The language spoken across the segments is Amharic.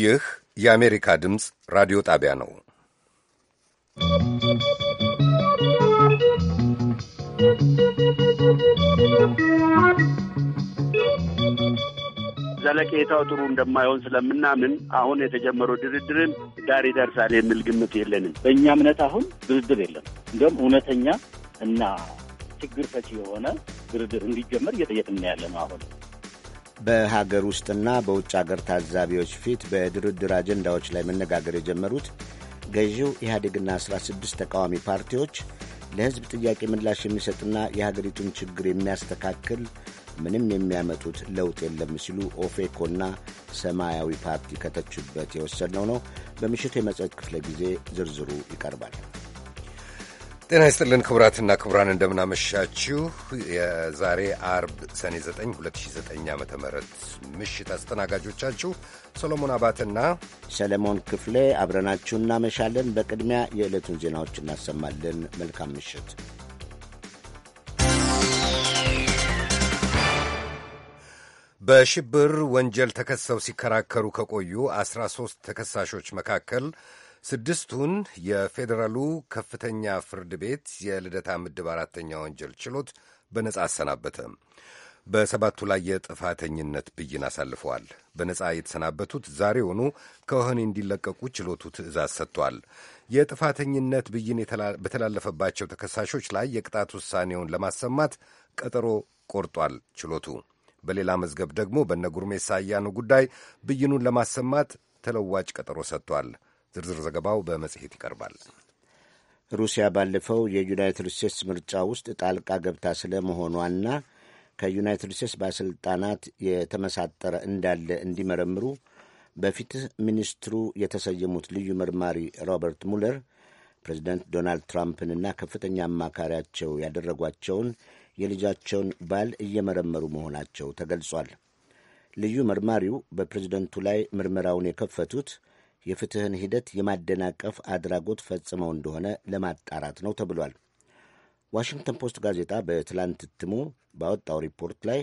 ይህ የአሜሪካ ድምፅ ራዲዮ ጣቢያ ነው። ዘለቄታው ጥሩ እንደማይሆን ስለምናምን አሁን የተጀመረው ድርድርን ዳር ይደርሳል የሚል ግምት የለንም። በእኛ እምነት አሁን ድርድር የለም። እንዲሁም እውነተኛ እና ችግር ፈቺ የሆነ ድርድር እንዲጀመር እየጠየቅን ያለ ነው አሁን በሀገር ውስጥና በውጭ አገር ታዛቢዎች ፊት በድርድር አጀንዳዎች ላይ መነጋገር የጀመሩት ገዢው ኢህአዴግና 16 ተቃዋሚ ፓርቲዎች ለሕዝብ ጥያቄ ምላሽ የሚሰጥና የሀገሪቱን ችግር የሚያስተካክል ምንም የሚያመጡት ለውጥ የለም ሲሉ ኦፌኮና ሰማያዊ ፓርቲ ከተቹበት የወሰድነው ነው። በምሽቱ የመጽሔት ክፍለ ጊዜ ዝርዝሩ ይቀርባል። ጤና ይስጥልን ክቡራትና ክቡራን፣ እንደምናመሻችሁ። የዛሬ አርብ ሰኔ 9 2009 ዓ ም ምሽት አስተናጋጆቻችሁ ሰሎሞን አባትና ሰለሞን ክፍሌ አብረናችሁ እናመሻለን። በቅድሚያ የዕለቱን ዜናዎች እናሰማለን። መልካም ምሽት። በሽብር ወንጀል ተከሰው ሲከራከሩ ከቆዩ 13 ተከሳሾች መካከል ስድስቱን የፌዴራሉ ከፍተኛ ፍርድ ቤት የልደታ ምድብ አራተኛ ወንጀል ችሎት በነጻ አሰናበተ። በሰባቱ ላይ የጥፋተኝነት ብይን አሳልፈዋል። በነጻ የተሰናበቱት ዛሬውኑ ከወህኒ እንዲለቀቁ ችሎቱ ትዕዛዝ ሰጥቷል። የጥፋተኝነት ብይን በተላለፈባቸው ተከሳሾች ላይ የቅጣት ውሳኔውን ለማሰማት ቀጠሮ ቆርጧል ችሎቱ። በሌላ መዝገብ ደግሞ በነ ጉርሜሳ አያኑ ጉዳይ ብይኑን ለማሰማት ተለዋጭ ቀጠሮ ሰጥቷል። ዝርዝር ዘገባው በመጽሔት ይቀርባል። ሩሲያ ባለፈው የዩናይትድ ስቴትስ ምርጫ ውስጥ ጣልቃ ገብታ ስለመሆኗና ከዩናይትድ ስቴትስ ባለሥልጣናት የተመሳጠረ እንዳለ እንዲመረምሩ በፍትህ ሚኒስትሩ የተሰየሙት ልዩ መርማሪ ሮበርት ሙለር ፕሬዚደንት ዶናልድ ትራምፕንና ከፍተኛ አማካሪያቸው ያደረጓቸውን የልጃቸውን ባል እየመረመሩ መሆናቸው ተገልጿል። ልዩ መርማሪው በፕሬዝደንቱ ላይ ምርመራውን የከፈቱት የፍትህን ሂደት የማደናቀፍ አድራጎት ፈጽመው እንደሆነ ለማጣራት ነው ተብሏል። ዋሽንግተን ፖስት ጋዜጣ በትላንት እትሙ ባወጣው ሪፖርት ላይ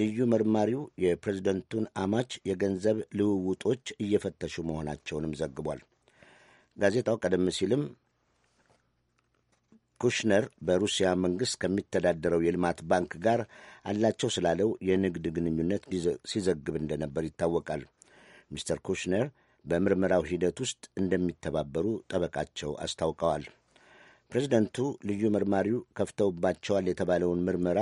ልዩ መርማሪው የፕሬዝደንቱን አማች የገንዘብ ልውውጦች እየፈተሹ መሆናቸውንም ዘግቧል። ጋዜጣው ቀደም ሲልም ኩሽነር በሩሲያ መንግሥት ከሚተዳደረው የልማት ባንክ ጋር አላቸው ስላለው የንግድ ግንኙነት ሲዘግብ እንደነበር ይታወቃል። ሚስተር ኩሽነር በምርመራው ሂደት ውስጥ እንደሚተባበሩ ጠበቃቸው አስታውቀዋል። ፕሬዚደንቱ ልዩ መርማሪው ከፍተውባቸዋል የተባለውን ምርመራ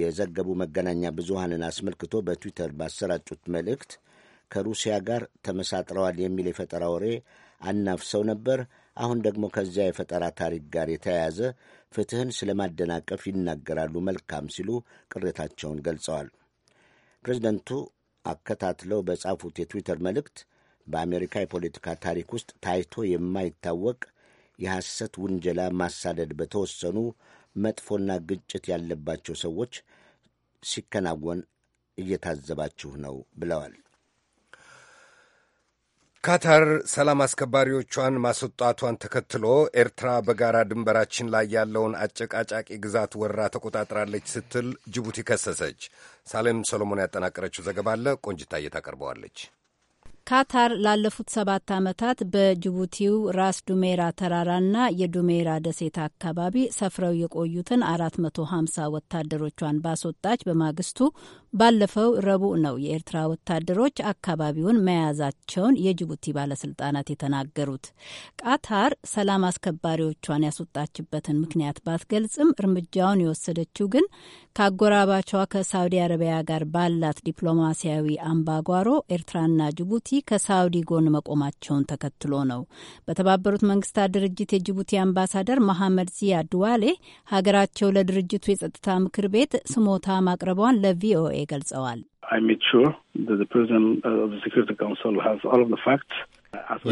የዘገቡ መገናኛ ብዙሃንን አስመልክቶ በትዊተር ባሰራጩት መልእክት ከሩሲያ ጋር ተመሳጥረዋል የሚል የፈጠራ ወሬ አናፍሰው ነበር። አሁን ደግሞ ከዚያ የፈጠራ ታሪክ ጋር የተያያዘ ፍትሕን ስለማደናቀፍ ይናገራሉ። መልካም ሲሉ ቅሬታቸውን ገልጸዋል። ፕሬዚደንቱ አከታትለው በጻፉት የትዊተር መልእክት በአሜሪካ የፖለቲካ ታሪክ ውስጥ ታይቶ የማይታወቅ የሐሰት ውንጀላ፣ ማሳደድ በተወሰኑ መጥፎና ግጭት ያለባቸው ሰዎች ሲከናወን እየታዘባችሁ ነው ብለዋል። ካታር ሰላም አስከባሪዎቿን ማስወጣቷን ተከትሎ ኤርትራ በጋራ ድንበራችን ላይ ያለውን አጨቃጫቂ ግዛት ወራ ተቆጣጥራለች ስትል ጅቡቲ ከሰሰች። ሳሌም ሰሎሞን ያጠናቀረችው ዘገባ አለ ቆንጅታ እየታቀርበዋለች። ካታር ላለፉት ሰባት ዓመታት በጅቡቲው ራስ ዱሜራ ተራራና የዱሜራ ደሴት አካባቢ ሰፍረው የቆዩትን 450 ወታደሮቿን ባስወጣች በማግስቱ ባለፈው ረቡዕ ነው የኤርትራ ወታደሮች አካባቢውን መያዛቸውን የጅቡቲ ባለስልጣናት የተናገሩት። ቃታር ሰላም አስከባሪዎቿን ያስወጣችበትን ምክንያት ባትገልጽም እርምጃውን የወሰደችው ግን ከአጎራባቿ ከሳውዲ አረቢያ ጋር ባላት ዲፕሎማሲያዊ አምባጓሮ ኤርትራና ጅቡቲ ከሳውዲ ጎን መቆማቸውን ተከትሎ ነው። በተባበሩት መንግስታት ድርጅት የጅቡቲ አምባሳደር መሐመድ ዚያድ ሀገራቸው ለድርጅቱ የጸጥታ ምክር ቤት ስሞታ ማቅረቧን ለቪኦኤ ገልጸዋል።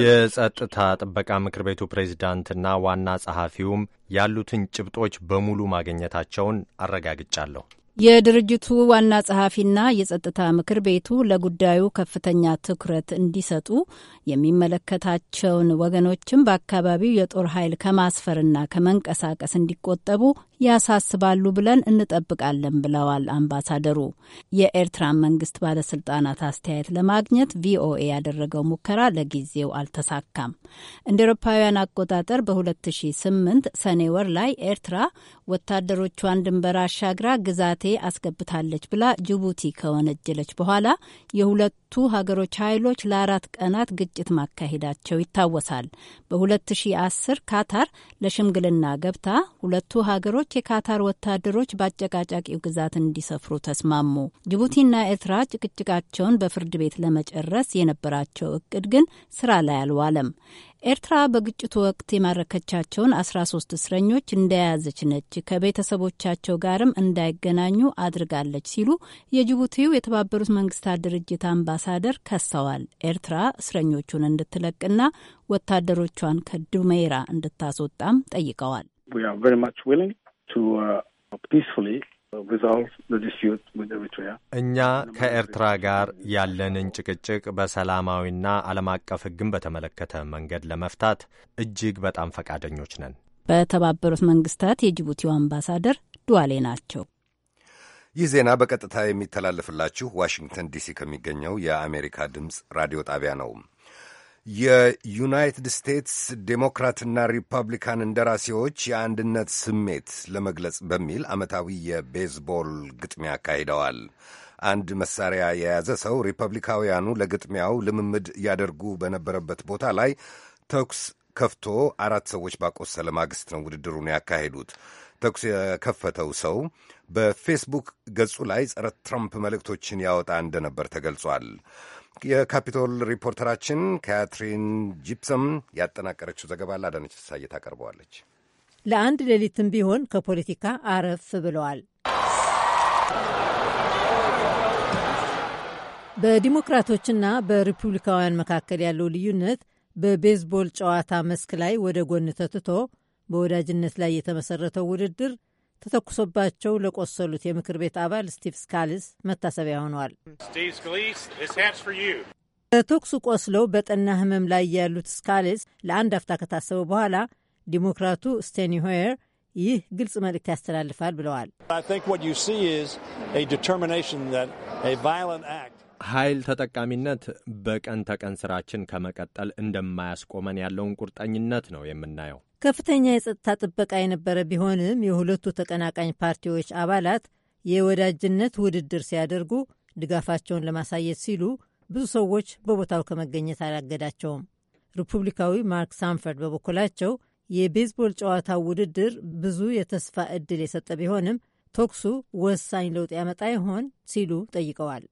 የጸጥታ ጥበቃ ምክር ቤቱ ፕሬዚዳንትና ዋና ጸሐፊውም ያሉትን ጭብጦች በሙሉ ማግኘታቸውን አረጋግጫለሁ። የድርጅቱ ዋና ጸሐፊና የጸጥታ ምክር ቤቱ ለጉዳዩ ከፍተኛ ትኩረት እንዲሰጡ የሚመለከታቸውን ወገኖችም በአካባቢው የጦር ኃይል ከማስፈርና ከመንቀሳቀስ እንዲቆጠቡ ያሳስባሉ ብለን እንጠብቃለን ብለዋል አምባሳደሩ። የኤርትራን መንግስት ባለስልጣናት አስተያየት ለማግኘት ቪኦኤ ያደረገው ሙከራ ለጊዜው አልተሳካም። እንደ ኤሮፓውያን አቆጣጠር በ2008 ሰኔ ወር ላይ ኤርትራ ወታደሮቿን ድንበር አሻግራ ግዛት መፍትሄ አስገብታለች ብላ ጅቡቲ ከወነጀለች በኋላ የሁለቱ ሀገሮች ኃይሎች ለአራት ቀናት ግጭት ማካሄዳቸው ይታወሳል። በ2010 ካታር ለሽምግልና ገብታ ሁለቱ ሀገሮች የካታር ወታደሮች በአጨቃጫቂው ግዛት እንዲሰፍሩ ተስማሙ። ጅቡቲና ኤርትራ ጭቅጭቃቸውን በፍርድ ቤት ለመጨረስ የነበራቸው እቅድ ግን ስራ ላይ አልዋለም። ኤርትራ በግጭቱ ወቅት የማረከቻቸውን 13 እስረኞች እንደያዘች ነች፣ ከቤተሰቦቻቸው ጋርም እንዳይገናኙ አድርጋለች ሲሉ የጅቡቲው የተባበሩት መንግስታት ድርጅት አምባሳደር ከሰዋል። ኤርትራ እስረኞቹን እንድትለቅና ወታደሮቿን ከዱሜራ እንድታስወጣም ጠይቀዋል። እኛ ከኤርትራ ጋር ያለንን ጭቅጭቅ በሰላማዊና ዓለም አቀፍ ሕግን በተመለከተ መንገድ ለመፍታት እጅግ በጣም ፈቃደኞች ነን። በተባበሩት መንግስታት የጅቡቲው አምባሳደር ዱዋሌ ናቸው። ይህ ዜና በቀጥታ የሚተላለፍላችሁ ዋሽንግተን ዲሲ ከሚገኘው የአሜሪካ ድምፅ ራዲዮ ጣቢያ ነው። የዩናይትድ ስቴትስ ዴሞክራትና ሪፐብሊካን እንደራሴዎች የአንድነት ስሜት ለመግለጽ በሚል ዓመታዊ የቤዝቦል ግጥሚያ አካሂደዋል። አንድ መሳሪያ የያዘ ሰው ሪፐብሊካውያኑ ለግጥሚያው ልምምድ ያደርጉ በነበረበት ቦታ ላይ ተኩስ ከፍቶ አራት ሰዎች ባቆሰለ ማግስት ነው ውድድሩን ያካሄዱት። ተኩስ የከፈተው ሰው በፌስቡክ ገጹ ላይ ጸረ ትራምፕ መልእክቶችን ያወጣ እንደነበር ተገልጿል። የካፒቶል ሪፖርተራችን ካትሪን ጂፕሰም ያጠናቀረችው ዘገባ ላዳነች ሳየ ታቀርበዋለች። ለአንድ ሌሊትም ቢሆን ከፖለቲካ አረፍ ብለዋል። በዲሞክራቶችና በሪፑብሊካውያን መካከል ያለው ልዩነት በቤዝቦል ጨዋታ መስክ ላይ ወደ ጎን ተትቶ በወዳጅነት ላይ የተመሰረተው ውድድር ተተኩሶባቸው ለቆሰሉት የምክር ቤት አባል ስቲቭ ስካሊስ መታሰቢያ ሆነዋል። በተኩሱ ቆስለው በጠና ህመም ላይ ያሉት ስካሊስ ለአንድ አፍታ ከታሰቡ በኋላ ዲሞክራቱ ስቴኒ ሆየር ይህ ግልጽ መልእክት ያስተላልፋል ብለዋል። ኃይል ተጠቃሚነት በቀን ተቀን ስራችን ከመቀጠል እንደማያስቆመን ያለውን ቁርጠኝነት ነው የምናየው። ከፍተኛ የጸጥታ ጥበቃ የነበረ ቢሆንም የሁለቱ ተቀናቃኝ ፓርቲዎች አባላት የወዳጅነት ውድድር ሲያደርጉ ድጋፋቸውን ለማሳየት ሲሉ ብዙ ሰዎች በቦታው ከመገኘት አላገዳቸውም። ሪፑብሊካዊ ማርክ ሳንፈርድ በበኩላቸው የቤዝቦል ጨዋታው ውድድር ብዙ የተስፋ ዕድል የሰጠ ቢሆንም ተኩሱ ወሳኝ ለውጥ ያመጣ ይሆን ሲሉ ጠይቀዋል።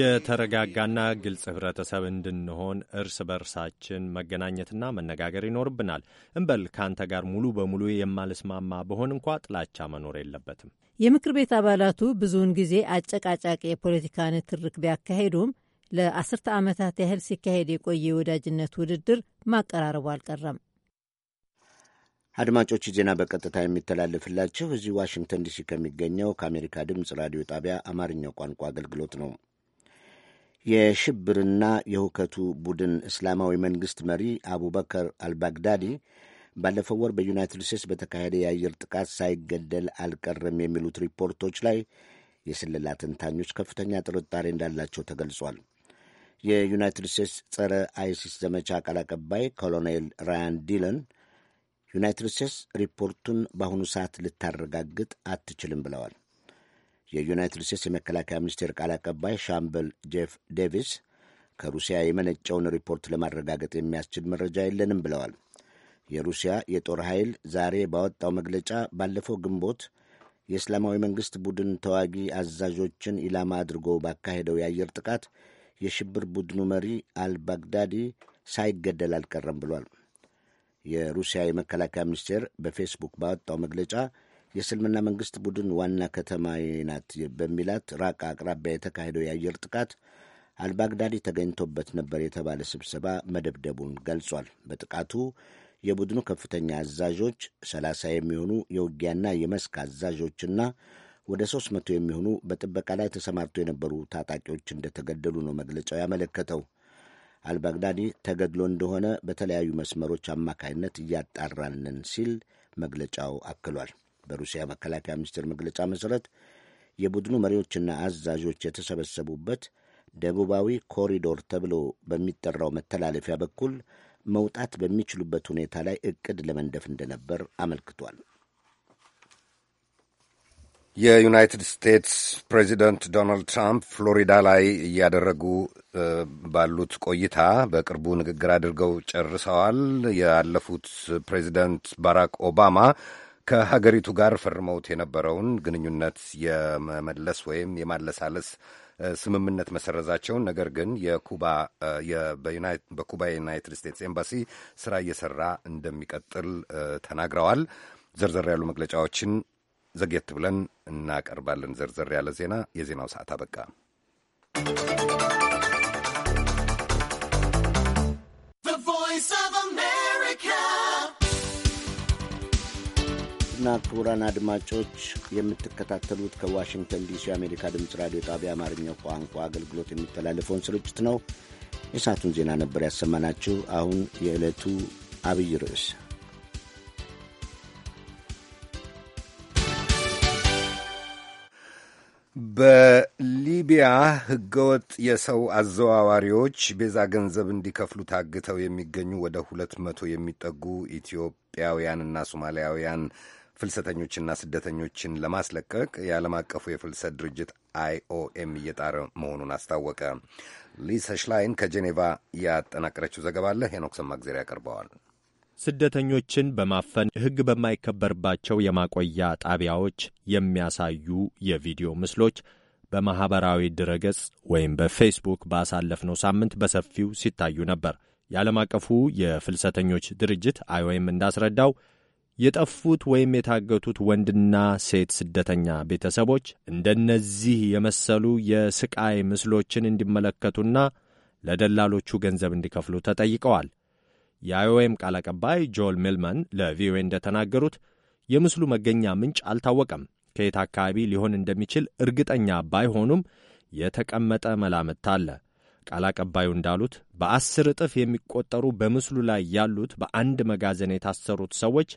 የተረጋጋና ግልጽ ህብረተሰብ እንድንሆን እርስ በርሳችን መገናኘትና መነጋገር ይኖርብናል። እንበል ከአንተ ጋር ሙሉ በሙሉ የማልስማማ በሆን እንኳ ጥላቻ መኖር የለበትም። የምክር ቤት አባላቱ ብዙውን ጊዜ አጨቃጫቂ የፖለቲካ ንትርክ ቢያካሄዱም ለአስርተ ዓመታት ያህል ሲካሄድ የቆየ የወዳጅነት ውድድር ማቀራረቡ አልቀረም። አድማጮች ዜና በቀጥታ የሚተላለፍላችሁ እዚህ ዋሽንግተን ዲሲ ከሚገኘው ከአሜሪካ ድምፅ ራዲዮ ጣቢያ አማርኛው ቋንቋ አገልግሎት ነው። የሽብርና የሁከቱ ቡድን እስላማዊ መንግሥት መሪ አቡበከር አልባግዳዲ ባለፈው ወር በዩናይትድ ስቴትስ በተካሄደ የአየር ጥቃት ሳይገደል አልቀረም የሚሉት ሪፖርቶች ላይ የስለላ ትንታኞች ከፍተኛ ጥርጣሬ እንዳላቸው ተገልጿል። የዩናይትድ ስቴትስ ጸረ አይሲስ ዘመቻ ቃል አቀባይ ኮሎኔል ራያን ዲለን ዩናይትድ ስቴትስ ሪፖርቱን በአሁኑ ሰዓት ልታረጋግጥ አትችልም ብለዋል። የዩናይትድ ስቴትስ የመከላከያ ሚኒስቴር ቃል አቀባይ ሻምበል ጄፍ ዴቪስ ከሩሲያ የመነጨውን ሪፖርት ለማረጋገጥ የሚያስችል መረጃ የለንም ብለዋል። የሩሲያ የጦር ኃይል ዛሬ ባወጣው መግለጫ ባለፈው ግንቦት የእስላማዊ መንግሥት ቡድን ተዋጊ አዛዦችን ኢላማ አድርጎ ባካሄደው የአየር ጥቃት የሽብር ቡድኑ መሪ አልባግዳዲ ሳይገደል አልቀረም ብሏል። የሩሲያ የመከላከያ ሚኒስቴር በፌስቡክ ባወጣው መግለጫ የእስልምና መንግስት ቡድን ዋና ከተማ ናት በሚላት ራቃ አቅራቢያ የተካሄደው የአየር ጥቃት አልባግዳዲ ተገኝቶበት ነበር የተባለ ስብሰባ መደብደቡን ገልጿል። በጥቃቱ የቡድኑ ከፍተኛ አዛዦች፣ ሰላሳ የሚሆኑ የውጊያና የመስክ አዛዦችና ወደ ሦስት መቶ የሚሆኑ በጥበቃ ላይ ተሰማርተው የነበሩ ታጣቂዎች እንደተገደሉ ነው መግለጫው ያመለከተው። አልባግዳዲ ተገድሎ እንደሆነ በተለያዩ መስመሮች አማካይነት እያጣራንን ሲል መግለጫው አክሏል። በሩሲያ መከላከያ ሚኒስቴር መግለጫ መሠረት የቡድኑ መሪዎችና አዛዦች የተሰበሰቡበት ደቡባዊ ኮሪዶር ተብሎ በሚጠራው መተላለፊያ በኩል መውጣት በሚችሉበት ሁኔታ ላይ እቅድ ለመንደፍ እንደነበር አመልክቷል። የዩናይትድ ስቴትስ ፕሬዚደንት ዶናልድ ትራምፕ ፍሎሪዳ ላይ እያደረጉ ባሉት ቆይታ በቅርቡ ንግግር አድርገው ጨርሰዋል። ያለፉት ፕሬዚደንት ባራክ ኦባማ ከሀገሪቱ ጋር ፈርመውት የነበረውን ግንኙነት የመመለስ ወይም የማለሳለስ ስምምነት መሰረዛቸውን፣ ነገር ግን በኩባ የዩናይትድ ስቴትስ ኤምባሲ ስራ እየሰራ እንደሚቀጥል ተናግረዋል። ዘርዘር ያሉ መግለጫዎችን ዘግየት ብለን እናቀርባለን። ዘርዘር ያለ ዜና። የዜናው ሰዓት አበቃ። ና ክቡራን አድማጮች የምትከታተሉት ከዋሽንግተን ዲሲ የአሜሪካ ድምፅ ራዲዮ ጣቢያ አማርኛው ቋንቋ አገልግሎት የሚተላለፈውን ስርጭት ነው። የሰዓቱን ዜና ነበር ያሰማናችሁ። አሁን የዕለቱ አብይ ርዕስ በሊቢያ ህገወጥ የሰው አዘዋዋሪዎች ቤዛ ገንዘብ እንዲከፍሉ ታግተው የሚገኙ ወደ ሁለት መቶ የሚጠጉ ኢትዮጵያውያንና ሶማሊያውያን ፍልሰተኞችና ስደተኞችን ለማስለቀቅ የዓለም አቀፉ የፍልሰት ድርጅት አይኦኤም እየጣረ መሆኑን አስታወቀ። ሊሰ ሽላይን ከጄኔቫ ያጠናቀረችው ዘገባ አለ። ሄኖክ ሰማግዜር ያቀርበዋል። ስደተኞችን በማፈን ሕግ በማይከበርባቸው የማቆያ ጣቢያዎች የሚያሳዩ የቪዲዮ ምስሎች በማኅበራዊ ድረገጽ ወይም በፌስቡክ ባሳለፍነው ሳምንት በሰፊው ሲታዩ ነበር። የዓለም አቀፉ የፍልሰተኞች ድርጅት አይኦኤም እንዳስረዳው የጠፉት ወይም የታገቱት ወንድና ሴት ስደተኛ ቤተሰቦች እንደነዚህ የመሰሉ የስቃይ ምስሎችን እንዲመለከቱና ለደላሎቹ ገንዘብ እንዲከፍሉ ተጠይቀዋል። የአይኦኤም ቃል አቀባይ ጆል ሚልመን ለቪኦኤ እንደተናገሩት የምስሉ መገኛ ምንጭ አልታወቀም። ከየት አካባቢ ሊሆን እንደሚችል እርግጠኛ ባይሆኑም የተቀመጠ መላምት አለ። ቃል አቀባዩ እንዳሉት በአስር እጥፍ የሚቆጠሩ በምስሉ ላይ ያሉት በአንድ መጋዘን የታሰሩት ሰዎች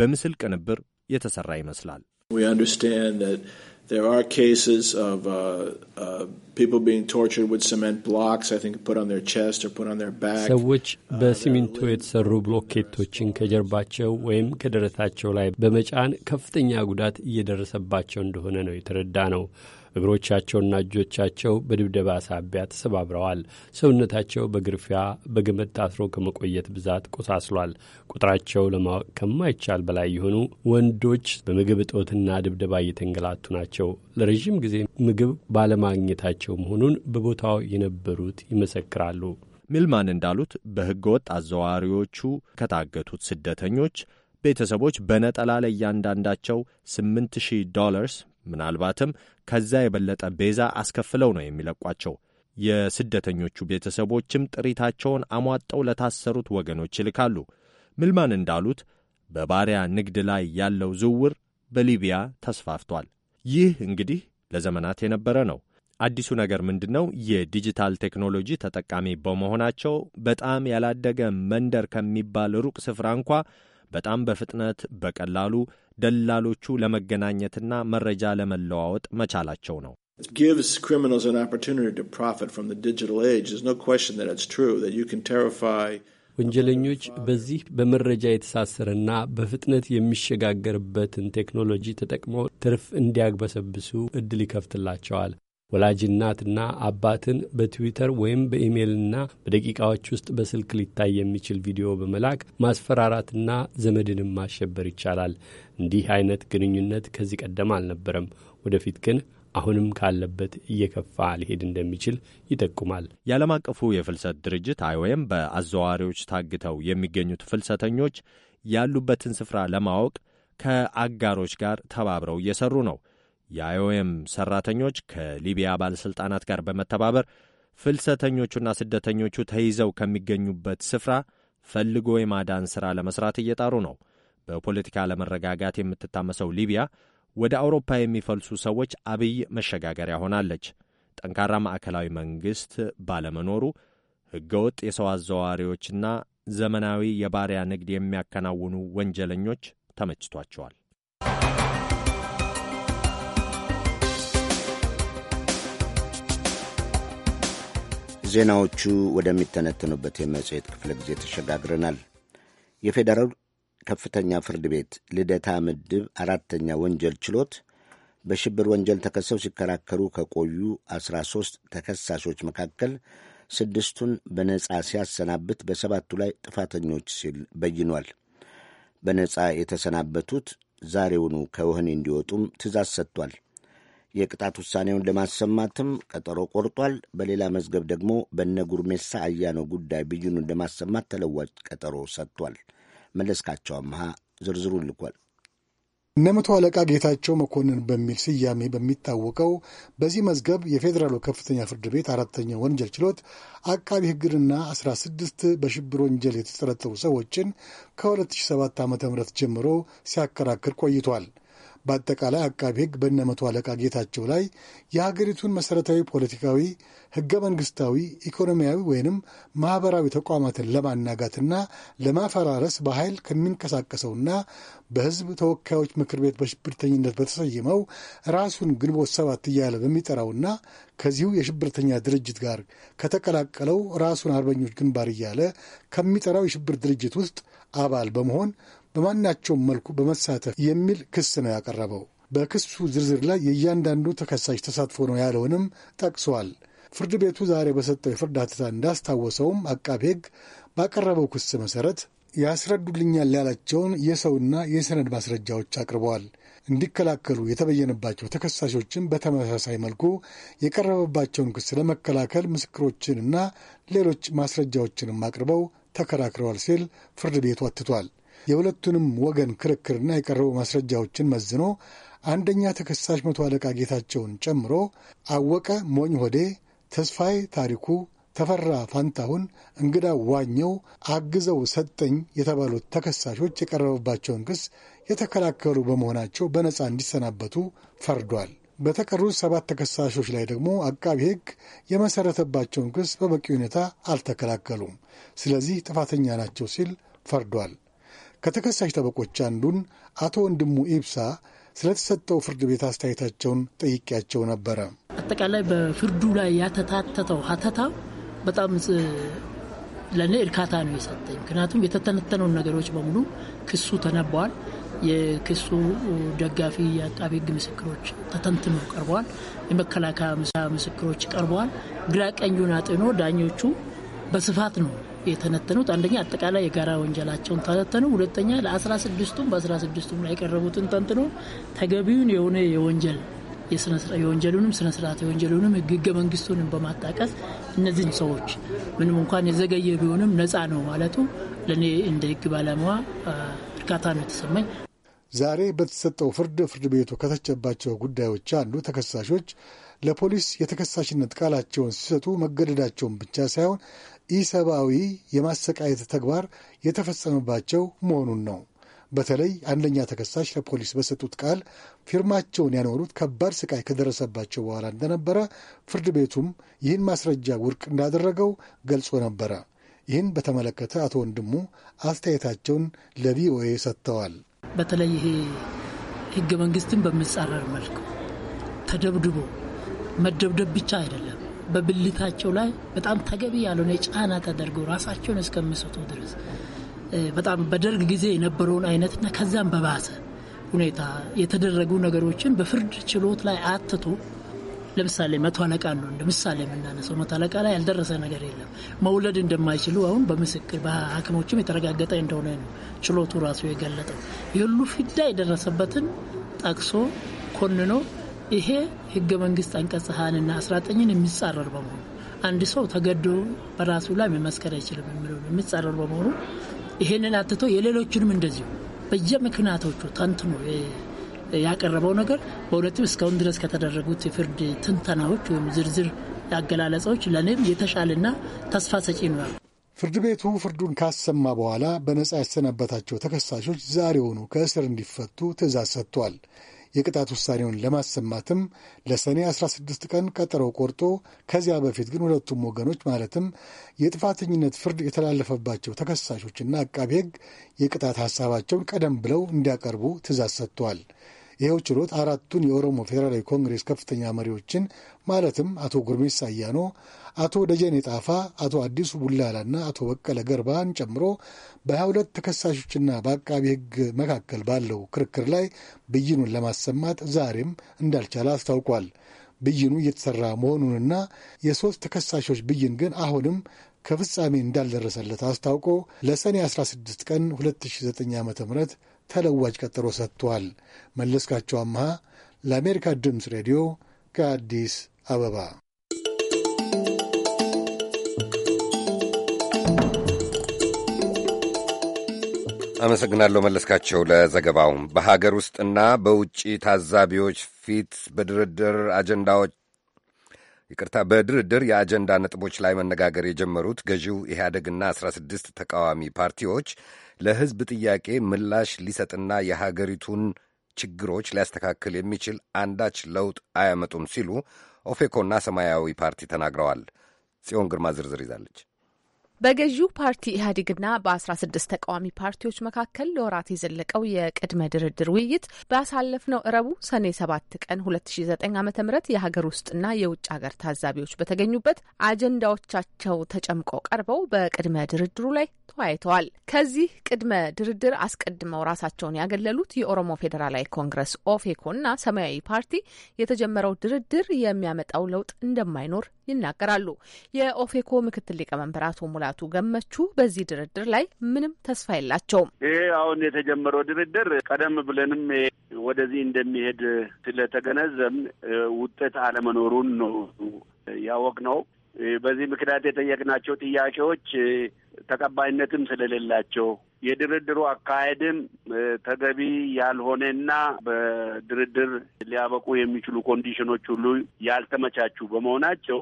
በምስል ቅንብር የተሠራ ይመስላል። We understand that There are cases of uh, uh, people being tortured with cement blocks, I think, put on their chest or put on their back. ሰዎች uh, በሲሚንቶ የተሰሩ ብሎኬቶችን ከጀርባቸው ወይም ከደረታቸው ላይ በመጫን ከፍተኛ ጉዳት እየደረሰባቸው እንደሆነ ነው የተረዳ ነው። እግሮቻቸውና እጆቻቸው በድብደባ ሳቢያ ተሰባብረዋል። ሰውነታቸው በግርፊያ በገመድ ታስሮ ከመቆየት ብዛት ቆሳስሏል። ቁጥራቸው ለማወቅ ከማይቻል በላይ የሆኑ ወንዶች በምግብ እጦትና ድብደባ እየተንገላቱ ናቸው። ለረዥም ጊዜ ምግብ ባለማግኘታቸው መሆኑን በቦታው የነበሩት ይመሰክራሉ። ሚልማን እንዳሉት ወጥ አዘዋዋሪዎቹ ከታገቱት ስደተኞች ቤተሰቦች በነጠላ ለእያንዳንዳቸው 8000 ዶላርስ ምናልባትም ከዛ የበለጠ ቤዛ አስከፍለው ነው የሚለቋቸው። የስደተኞቹ ቤተሰቦችም ጥሪታቸውን አሟጠው ለታሰሩት ወገኖች ይልካሉ። ምልማን እንዳሉት በባሪያ ንግድ ላይ ያለው ዝውውር በሊቢያ ተስፋፍቷል። ይህ እንግዲህ ለዘመናት የነበረ ነው። አዲሱ ነገር ምንድን ነው? የዲጂታል ቴክኖሎጂ ተጠቃሚ በመሆናቸው በጣም ያላደገ መንደር ከሚባል ሩቅ ስፍራ እንኳ በጣም በፍጥነት በቀላሉ ደላሎቹ ለመገናኘትና መረጃ ለመለዋወጥ መቻላቸው ነው። ወንጀለኞች በዚህ በመረጃ የተሳሰረና በፍጥነት የሚሸጋገርበትን ቴክኖሎጂ ተጠቅመው ትርፍ እንዲያግበሰብሱ እድል ይከፍትላቸዋል። ወላጅ እናትና አባትን በትዊተር ወይም በኢሜይልና በደቂቃዎች ውስጥ በስልክ ሊታይ የሚችል ቪዲዮ በመላክ ማስፈራራትና ዘመድንም ማሸበር ይቻላል። እንዲህ አይነት ግንኙነት ከዚህ ቀደም አልነበረም። ወደፊት ግን አሁንም ካለበት እየከፋ ሊሄድ እንደሚችል ይጠቁማል። የዓለም አቀፉ የፍልሰት ድርጅት አይኦኤም በአዘዋዋሪዎች ታግተው የሚገኙት ፍልሰተኞች ያሉበትን ስፍራ ለማወቅ ከአጋሮች ጋር ተባብረው እየሰሩ ነው። የአይኦኤም ሰራተኞች ከሊቢያ ባለሥልጣናት ጋር በመተባበር ፍልሰተኞቹና ስደተኞቹ ተይዘው ከሚገኙበት ስፍራ ፈልጎ የማዳን ሥራ ለመሥራት እየጣሩ ነው። በፖለቲካ አለመረጋጋት የምትታመሰው ሊቢያ ወደ አውሮፓ የሚፈልሱ ሰዎች አብይ መሸጋገሪያ ሆናለች። ጠንካራ ማዕከላዊ መንግሥት ባለመኖሩ ሕገወጥ የሰው አዘዋዋሪዎችና ዘመናዊ የባሪያ ንግድ የሚያከናውኑ ወንጀለኞች ተመችቷቸዋል። ዜናዎቹ ወደሚተነተኑበት የመጽሔት ክፍለ ጊዜ ተሸጋግረናል። የፌዴራል ከፍተኛ ፍርድ ቤት ልደታ ምድብ አራተኛ ወንጀል ችሎት በሽብር ወንጀል ተከሰው ሲከራከሩ ከቆዩ 13 ተከሳሾች መካከል ስድስቱን በነፃ ሲያሰናብት በሰባቱ ላይ ጥፋተኞች ሲል በይኗል። በነፃ የተሰናበቱት ዛሬውኑ ከወህኒ እንዲወጡም ትእዛዝ ሰጥቷል። የቅጣት ውሳኔውን ለማሰማትም ቀጠሮ ቆርጧል። በሌላ መዝገብ ደግሞ በነ ጉርሜሳ አያኖ ጉዳይ ብይኑን ለማሰማት ተለዋጭ ቀጠሮ ሰጥቷል። መለስካቸው አመሃ ዝርዝሩን ልኳል። እነ መቶ አለቃ ጌታቸው መኮንን በሚል ስያሜ በሚታወቀው በዚህ መዝገብ የፌዴራሉ ከፍተኛ ፍርድ ቤት አራተኛ ወንጀል ችሎት አቃቢ ሕግንና 16 በሽብር ወንጀል የተጠረጠሩ ሰዎችን ከ2007 ዓ ም ጀምሮ ሲያከራክር ቆይቷል። በአጠቃላይ አቃቢ ሕግ በእነ መቶ አለቃ ጌታቸው ላይ የሀገሪቱን መሠረታዊ ፖለቲካዊ፣ ሕገ መንግሥታዊ፣ ኢኮኖሚያዊ ወይንም ማኅበራዊ ተቋማትን ለማናጋትና ለማፈራረስ በኃይል ከሚንቀሳቀሰውና በሕዝብ ተወካዮች ምክር ቤት በሽብርተኝነት በተሰየመው ራሱን ግንቦት ሰባት እያለ በሚጠራውና ከዚሁ የሽብርተኛ ድርጅት ጋር ከተቀላቀለው ራሱን አርበኞች ግንባር እያለ ከሚጠራው የሽብር ድርጅት ውስጥ አባል በመሆን በማናቸውም መልኩ በመሳተፍ የሚል ክስ ነው ያቀረበው። በክሱ ዝርዝር ላይ የእያንዳንዱ ተከሳሽ ተሳትፎ ነው ያለውንም ጠቅሰዋል። ፍርድ ቤቱ ዛሬ በሰጠው የፍርድ ሐተታ እንዳስታወሰውም አቃቤ ሕግ ባቀረበው ክስ መሠረት ያስረዱልኛል ያላቸውን የሰውና የሰነድ ማስረጃዎች አቅርበዋል። እንዲከላከሉ የተበየነባቸው ተከሳሾችን በተመሳሳይ መልኩ የቀረበባቸውን ክስ ለመከላከል ምስክሮችንና ሌሎች ማስረጃዎችንም አቅርበው ተከራክረዋል ሲል ፍርድ ቤቱ አትቷል። የሁለቱንም ወገን ክርክርና የቀረቡ ማስረጃዎችን መዝኖ አንደኛ ተከሳሽ መቶ አለቃ ጌታቸውን ጨምሮ አወቀ ሞኝ ሆዴ፣ ተስፋዬ ታሪኩ፣ ተፈራ ፋንታሁን፣ እንግዳ ዋኘው፣ አግዘው ሰጠኝ የተባሉት ተከሳሾች የቀረበባቸውን ክስ የተከላከሉ በመሆናቸው በነፃ እንዲሰናበቱ ፈርዷል። በተቀሩት ሰባት ተከሳሾች ላይ ደግሞ አቃቢ ሕግ የመሰረተባቸውን ክስ በበቂ ሁኔታ አልተከላከሉም። ስለዚህ ጥፋተኛ ናቸው ሲል ፈርዷል። ከተከሳሽ ጠበቆች አንዱን አቶ ወንድሙ ኢብሳ ስለተሰጠው ፍርድ ቤት አስተያየታቸውን ጠይቄያቸው ነበረ። አጠቃላይ በፍርዱ ላይ ያተታተተው ሀተታ በጣም ለእኔ እርካታ ነው የሰጠኝ። ምክንያቱም የተተነተነውን ነገሮች በሙሉ ክሱ ተነበዋል። የክሱ ደጋፊ የአቃቤ ሕግ ምስክሮች ተተንትኖ ቀርበዋል። የመከላከያ ምስክሮች ቀርበዋል። ግራ ቀኙን አጥኖ ዳኞቹ በስፋት ነው የተነተኑት አንደኛ አጠቃላይ የጋራ ወንጀላቸውን ተነተኑ፣ ሁለተኛ ለ16ቱም በ16ቱም ላይ የቀረቡትን ተንትኖ ተገቢውን የሆነ የወንጀል የወንጀሉንም ስነ ስርዓት የወንጀሉንም ህገ መንግስቱንም በማጣቀስ እነዚህን ሰዎች ምንም እንኳን የዘገየ ቢሆንም ነፃ ነው ማለቱ ለእኔ እንደ ህግ ባለሙያ እርካታ ነው የተሰማኝ። ዛሬ በተሰጠው ፍርድ ፍርድ ቤቱ ከተቸባቸው ጉዳዮች አንዱ ተከሳሾች ለፖሊስ የተከሳሽነት ቃላቸውን ሲሰጡ መገደዳቸውን ብቻ ሳይሆን ኢሰብአዊ የማሰቃየት ተግባር የተፈጸመባቸው መሆኑን ነው። በተለይ አንደኛ ተከሳሽ ለፖሊስ በሰጡት ቃል ፊርማቸውን ያኖሩት ከባድ ስቃይ ከደረሰባቸው በኋላ እንደነበረ፣ ፍርድ ቤቱም ይህን ማስረጃ ውድቅ እንዳደረገው ገልጾ ነበረ። ይህን በተመለከተ አቶ ወንድሙ አስተያየታቸውን ለቪኦኤ ሰጥተዋል። በተለይ ይሄ ህገ መንግስትን በሚጻረር መልኩ ተደብድቦ መደብደብ ብቻ አይደለም በብልታቸው ላይ በጣም ተገቢ ያልሆነ ጫና ተደርጎ ራሳቸውን እስከሚስቱ ድረስ በጣም በደርግ ጊዜ የነበረውን አይነት እና ከዛም በባሰ ሁኔታ የተደረጉ ነገሮችን በፍርድ ችሎት ላይ አትቶ ለምሳሌ መቶ አለቃ ነው እንደ ምሳሌ የምናነሰው። መቶ አለቃ ላይ ያልደረሰ ነገር የለም። መውለድ እንደማይችሉ አሁን በምስክር በሐኪሞችም የተረጋገጠ እንደሆነ ነው ችሎቱ ራሱ የገለጠው። የሁሉ ፊዳ የደረሰበትን ጠቅሶ ኮንኖ ይሄ ህገ መንግስት አንቀጽ ሀያንና አስራ ዘጠኝን የሚጻረር በመሆኑ አንድ ሰው ተገዶ በራሱ ላይ መመስከር አይችልም የሚለው የሚጻረር በመሆኑ ይሄንን አትቶ የሌሎችንም እንደዚሁ በየምክንያቶቹ ተንትኖ ያቀረበው ነገር በእውነትም እስካሁን ድረስ ከተደረጉት የፍርድ ትንተናዎች ወይም ዝርዝር አገላለጻዎች ለእኔም የተሻለና ተስፋ ሰጪ ነው። ፍርድ ቤቱ ፍርዱን ካሰማ በኋላ በነጻ ያሰናበታቸው ተከሳሾች ዛሬውኑ ከእስር እንዲፈቱ ትእዛዝ ሰጥቷል። የቅጣት ውሳኔውን ለማሰማትም ለሰኔ 16 ቀን ቀጠሮ ቆርጦ ከዚያ በፊት ግን ሁለቱም ወገኖች ማለትም የጥፋተኝነት ፍርድ የተላለፈባቸው ተከሳሾችና አቃቢ ሕግ የቅጣት ሐሳባቸውን ቀደም ብለው እንዲያቀርቡ ትእዛዝ ሰጥቷል። ይኸው ችሎት አራቱን የኦሮሞ ፌዴራላዊ ኮንግሬስ ከፍተኛ መሪዎችን ማለትም አቶ ጉርሜሳ አያኖ፣ አቶ ደጀኔ ጣፋ፣ አቶ አዲሱ ቡላላና አቶ በቀለ ገርባን ጨምሮ በሀያ ሁለት ተከሳሾችና በአቃቢ ሕግ መካከል ባለው ክርክር ላይ ብይኑን ለማሰማት ዛሬም እንዳልቻለ አስታውቋል። ብይኑ እየተሰራ መሆኑንና የሦስት ተከሳሾች ብይን ግን አሁንም ከፍጻሜ እንዳልደረሰለት አስታውቆ ለሰኔ 16 ቀን 2009 ዓ ም ተለዋጭ ቀጠሮ ሰጥቷል። መለስካቸው አምሃ ለአሜሪካ ድምፅ ሬዲዮ ከአዲስ አበባ አመሰግናለሁ መለስካቸው ለዘገባው። በሀገር ውስጥና በውጭ ታዛቢዎች ፊት በድርድር አጀንዳዎች ይቅርታ፣ በድርድር የአጀንዳ ነጥቦች ላይ መነጋገር የጀመሩት ገዢው ኢህአደግና 16 ተቃዋሚ ፓርቲዎች ለሕዝብ ጥያቄ ምላሽ ሊሰጥና የሀገሪቱን ችግሮች ሊያስተካክል የሚችል አንዳች ለውጥ አያመጡም ሲሉ ኦፌኮና ሰማያዊ ፓርቲ ተናግረዋል። ጽዮን ግርማ ዝርዝር ይዛለች። በገዢው ፓርቲ ኢህአዴግና በ ስድስት ተቃዋሚ ፓርቲዎች መካከል ለወራት የዘለቀው የቅድመ ድርድር ውይይት ባሳለፍነው እረቡ ሰኔ ሰ7 ቀን 209 ዓ ም የሀገር ውስጥና የውጭ ሀገር ታዛቢዎች በተገኙበት አጀንዳዎቻቸው ተጨምቆ ቀርበው በቅድመ ድርድሩ ላይ ተወያይተዋል። ከዚህ ቅድመ ድርድር አስቀድመው ራሳቸውን ያገለሉት የኦሮሞ ፌዴራላዊ ኮንግረስ እና ሰማያዊ ፓርቲ የተጀመረው ድርድር የሚያመጣው ለውጥ እንደማይኖር ይናገራሉ። የኦፌኮ ምክትል ሊቀመንበር አቶ ሙላቱ ገመቹ በዚህ ድርድር ላይ ምንም ተስፋ የላቸውም። ይህ አሁን የተጀመረው ድርድር ቀደም ብለንም ወደዚህ እንደሚሄድ ስለተገነዘብን ውጤት አለመኖሩን ነው ያወቅ ነው በዚህ ምክንያት የጠየቅናቸው ጥያቄዎች ተቀባይነትም ስለሌላቸው የድርድሩ አካሄድም ተገቢ ያልሆነና በድርድር ሊያበቁ የሚችሉ ኮንዲሽኖች ሁሉ ያልተመቻቹ በመሆናቸው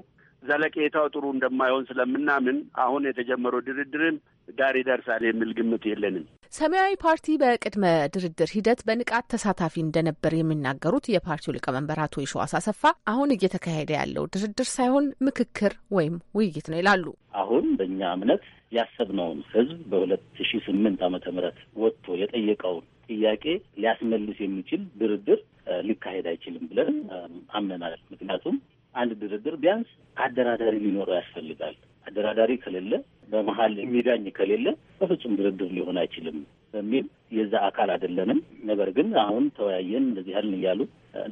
ዘለቄታው ጥሩ እንደማይሆን ስለምናምን አሁን የተጀመረው ድርድርም ዳር ይደርሳል የሚል ግምት የለንም። ሰማያዊ ፓርቲ በቅድመ ድርድር ሂደት በንቃት ተሳታፊ እንደነበር የሚናገሩት የፓርቲው ሊቀመንበር አቶ የሺዋስ አሰፋ አሁን እየተካሄደ ያለው ድርድር ሳይሆን ምክክር ወይም ውይይት ነው ይላሉ። አሁን በእኛ እምነት ያሰብነውን ህዝብ በሁለት ሺ ስምንት ዓመተ ምህረት ወጥቶ የጠየቀውን ጥያቄ ሊያስመልስ የሚችል ድርድር ሊካሄድ አይችልም ብለን አምነናል። ምክንያቱም አንድ ድርድር ቢያንስ አደራዳሪ ሊኖረው ያስፈልጋል። አደራዳሪ ከሌለ በመሀል የሚዳኝ ከሌለ በፍጹም ድርድር ሊሆን አይችልም በሚል የዛ አካል አይደለንም። ነገር ግን አሁን ተወያየን እንደዚህ ያልን እያሉ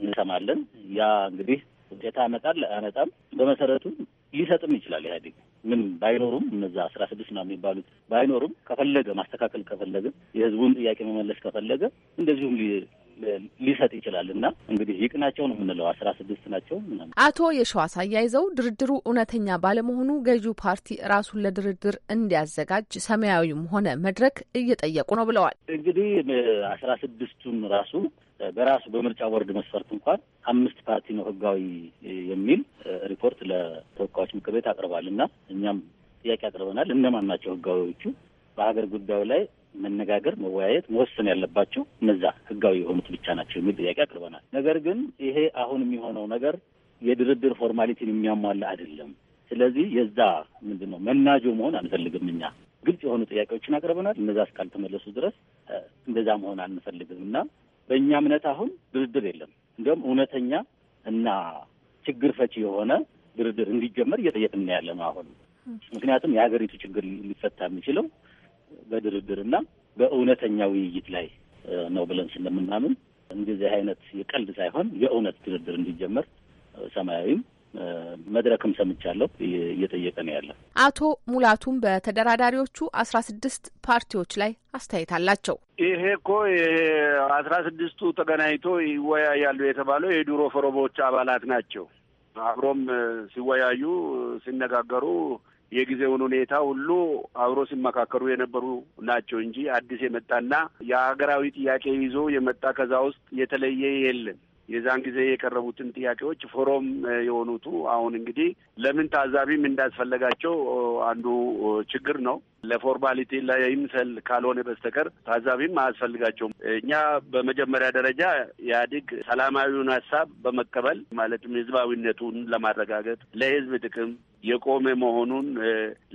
እንሰማለን። ያ እንግዲህ ውጤት አመጣል አመጣም በመሰረቱ ሊሰጥም ይችላል ኢህአዴግ ምን ባይኖሩም እነዛ አስራ ስድስት ነው የሚባሉት ባይኖሩም ከፈለገ ማስተካከል ከፈለገ የህዝቡን ጥያቄ መመለስ ከፈለገ እንደዚሁም ሊሰጥ ይችላል እና እንግዲህ ይቅናቸው ነው የምንለው። አስራ ስድስት ናቸው ምናምን። አቶ የሸዋስ አያይዘው ድርድሩ እውነተኛ ባለመሆኑ ገዢው ፓርቲ ራሱን ለድርድር እንዲያዘጋጅ ሰማያዊም ሆነ መድረክ እየጠየቁ ነው ብለዋል። እንግዲህ አስራ ስድስቱን ራሱ በራሱ በምርጫ ቦርድ መስፈርት እንኳን አምስት ፓርቲ ነው ህጋዊ የሚል ሪፖርት ለተወካዮች ምክር ቤት አቅርቧል እና እኛም ጥያቄ አቅርበናል። እነማን ናቸው ህጋዊዎቹ በሀገር ጉዳዩ ላይ መነጋገር፣ መወያየት፣ መወሰን ያለባቸው እነዛ ህጋዊ የሆኑት ብቻ ናቸው የሚል ጥያቄ አቅርበናል። ነገር ግን ይሄ አሁን የሚሆነው ነገር የድርድር ፎርማሊቲን የሚያሟላ አይደለም። ስለዚህ የዛ ምንድን ነው መናጆ መሆን አንፈልግም። እኛ ግልጽ የሆኑ ጥያቄዎችን አቅርበናል። እነዛ እስካልተመለሱ ድረስ እንደዛ መሆን አንፈልግም እና በእኛ እምነት አሁን ድርድር የለም። እንዲሁም እውነተኛ እና ችግር ፈቺ የሆነ ድርድር እንዲጀመር እየጠየቅ እናያለን ነው አሁን። ምክንያቱም የሀገሪቱ ችግር ሊፈታ የሚችለው በድርድርና በእውነተኛ ውይይት ላይ ነው ብለን ስለምናምን እንደዚህ አይነት የቀልድ ሳይሆን የእውነት ድርድር እንዲጀመር ሰማያዊም መድረክም ሰምቻለሁ እየጠየቀ ነው ያለ። አቶ ሙላቱም በተደራዳሪዎቹ አስራ ስድስት ፓርቲዎች ላይ አስተያየት አላቸው። ይሄ እኮ ይሄ አስራ ስድስቱ ተገናኝቶ ይወያያሉ የተባለው የድሮ ፈረቦች አባላት ናቸው። አብሮም ሲወያዩ ሲነጋገሩ የጊዜውን ሁኔታ ሁሉ አብሮ ሲመካከሩ የነበሩ ናቸው እንጂ አዲስ የመጣና የሀገራዊ ጥያቄ ይዞ የመጣ ከዛ ውስጥ የተለየ የለም። የዛን ጊዜ የቀረቡትን ጥያቄዎች ፎረም የሆኑቱ አሁን እንግዲህ ለምን ታዛቢም እንዳስፈለጋቸው አንዱ ችግር ነው። ለፎርማሊቲ ለይምሰል ካልሆነ በስተቀር ታዛቢም አያስፈልጋቸውም። እኛ በመጀመሪያ ደረጃ ኢህአዴግ ሰላማዊውን ሀሳብ በመቀበል ማለትም ህዝባዊነቱን ለማረጋገጥ ለህዝብ ጥቅም የቆመ መሆኑን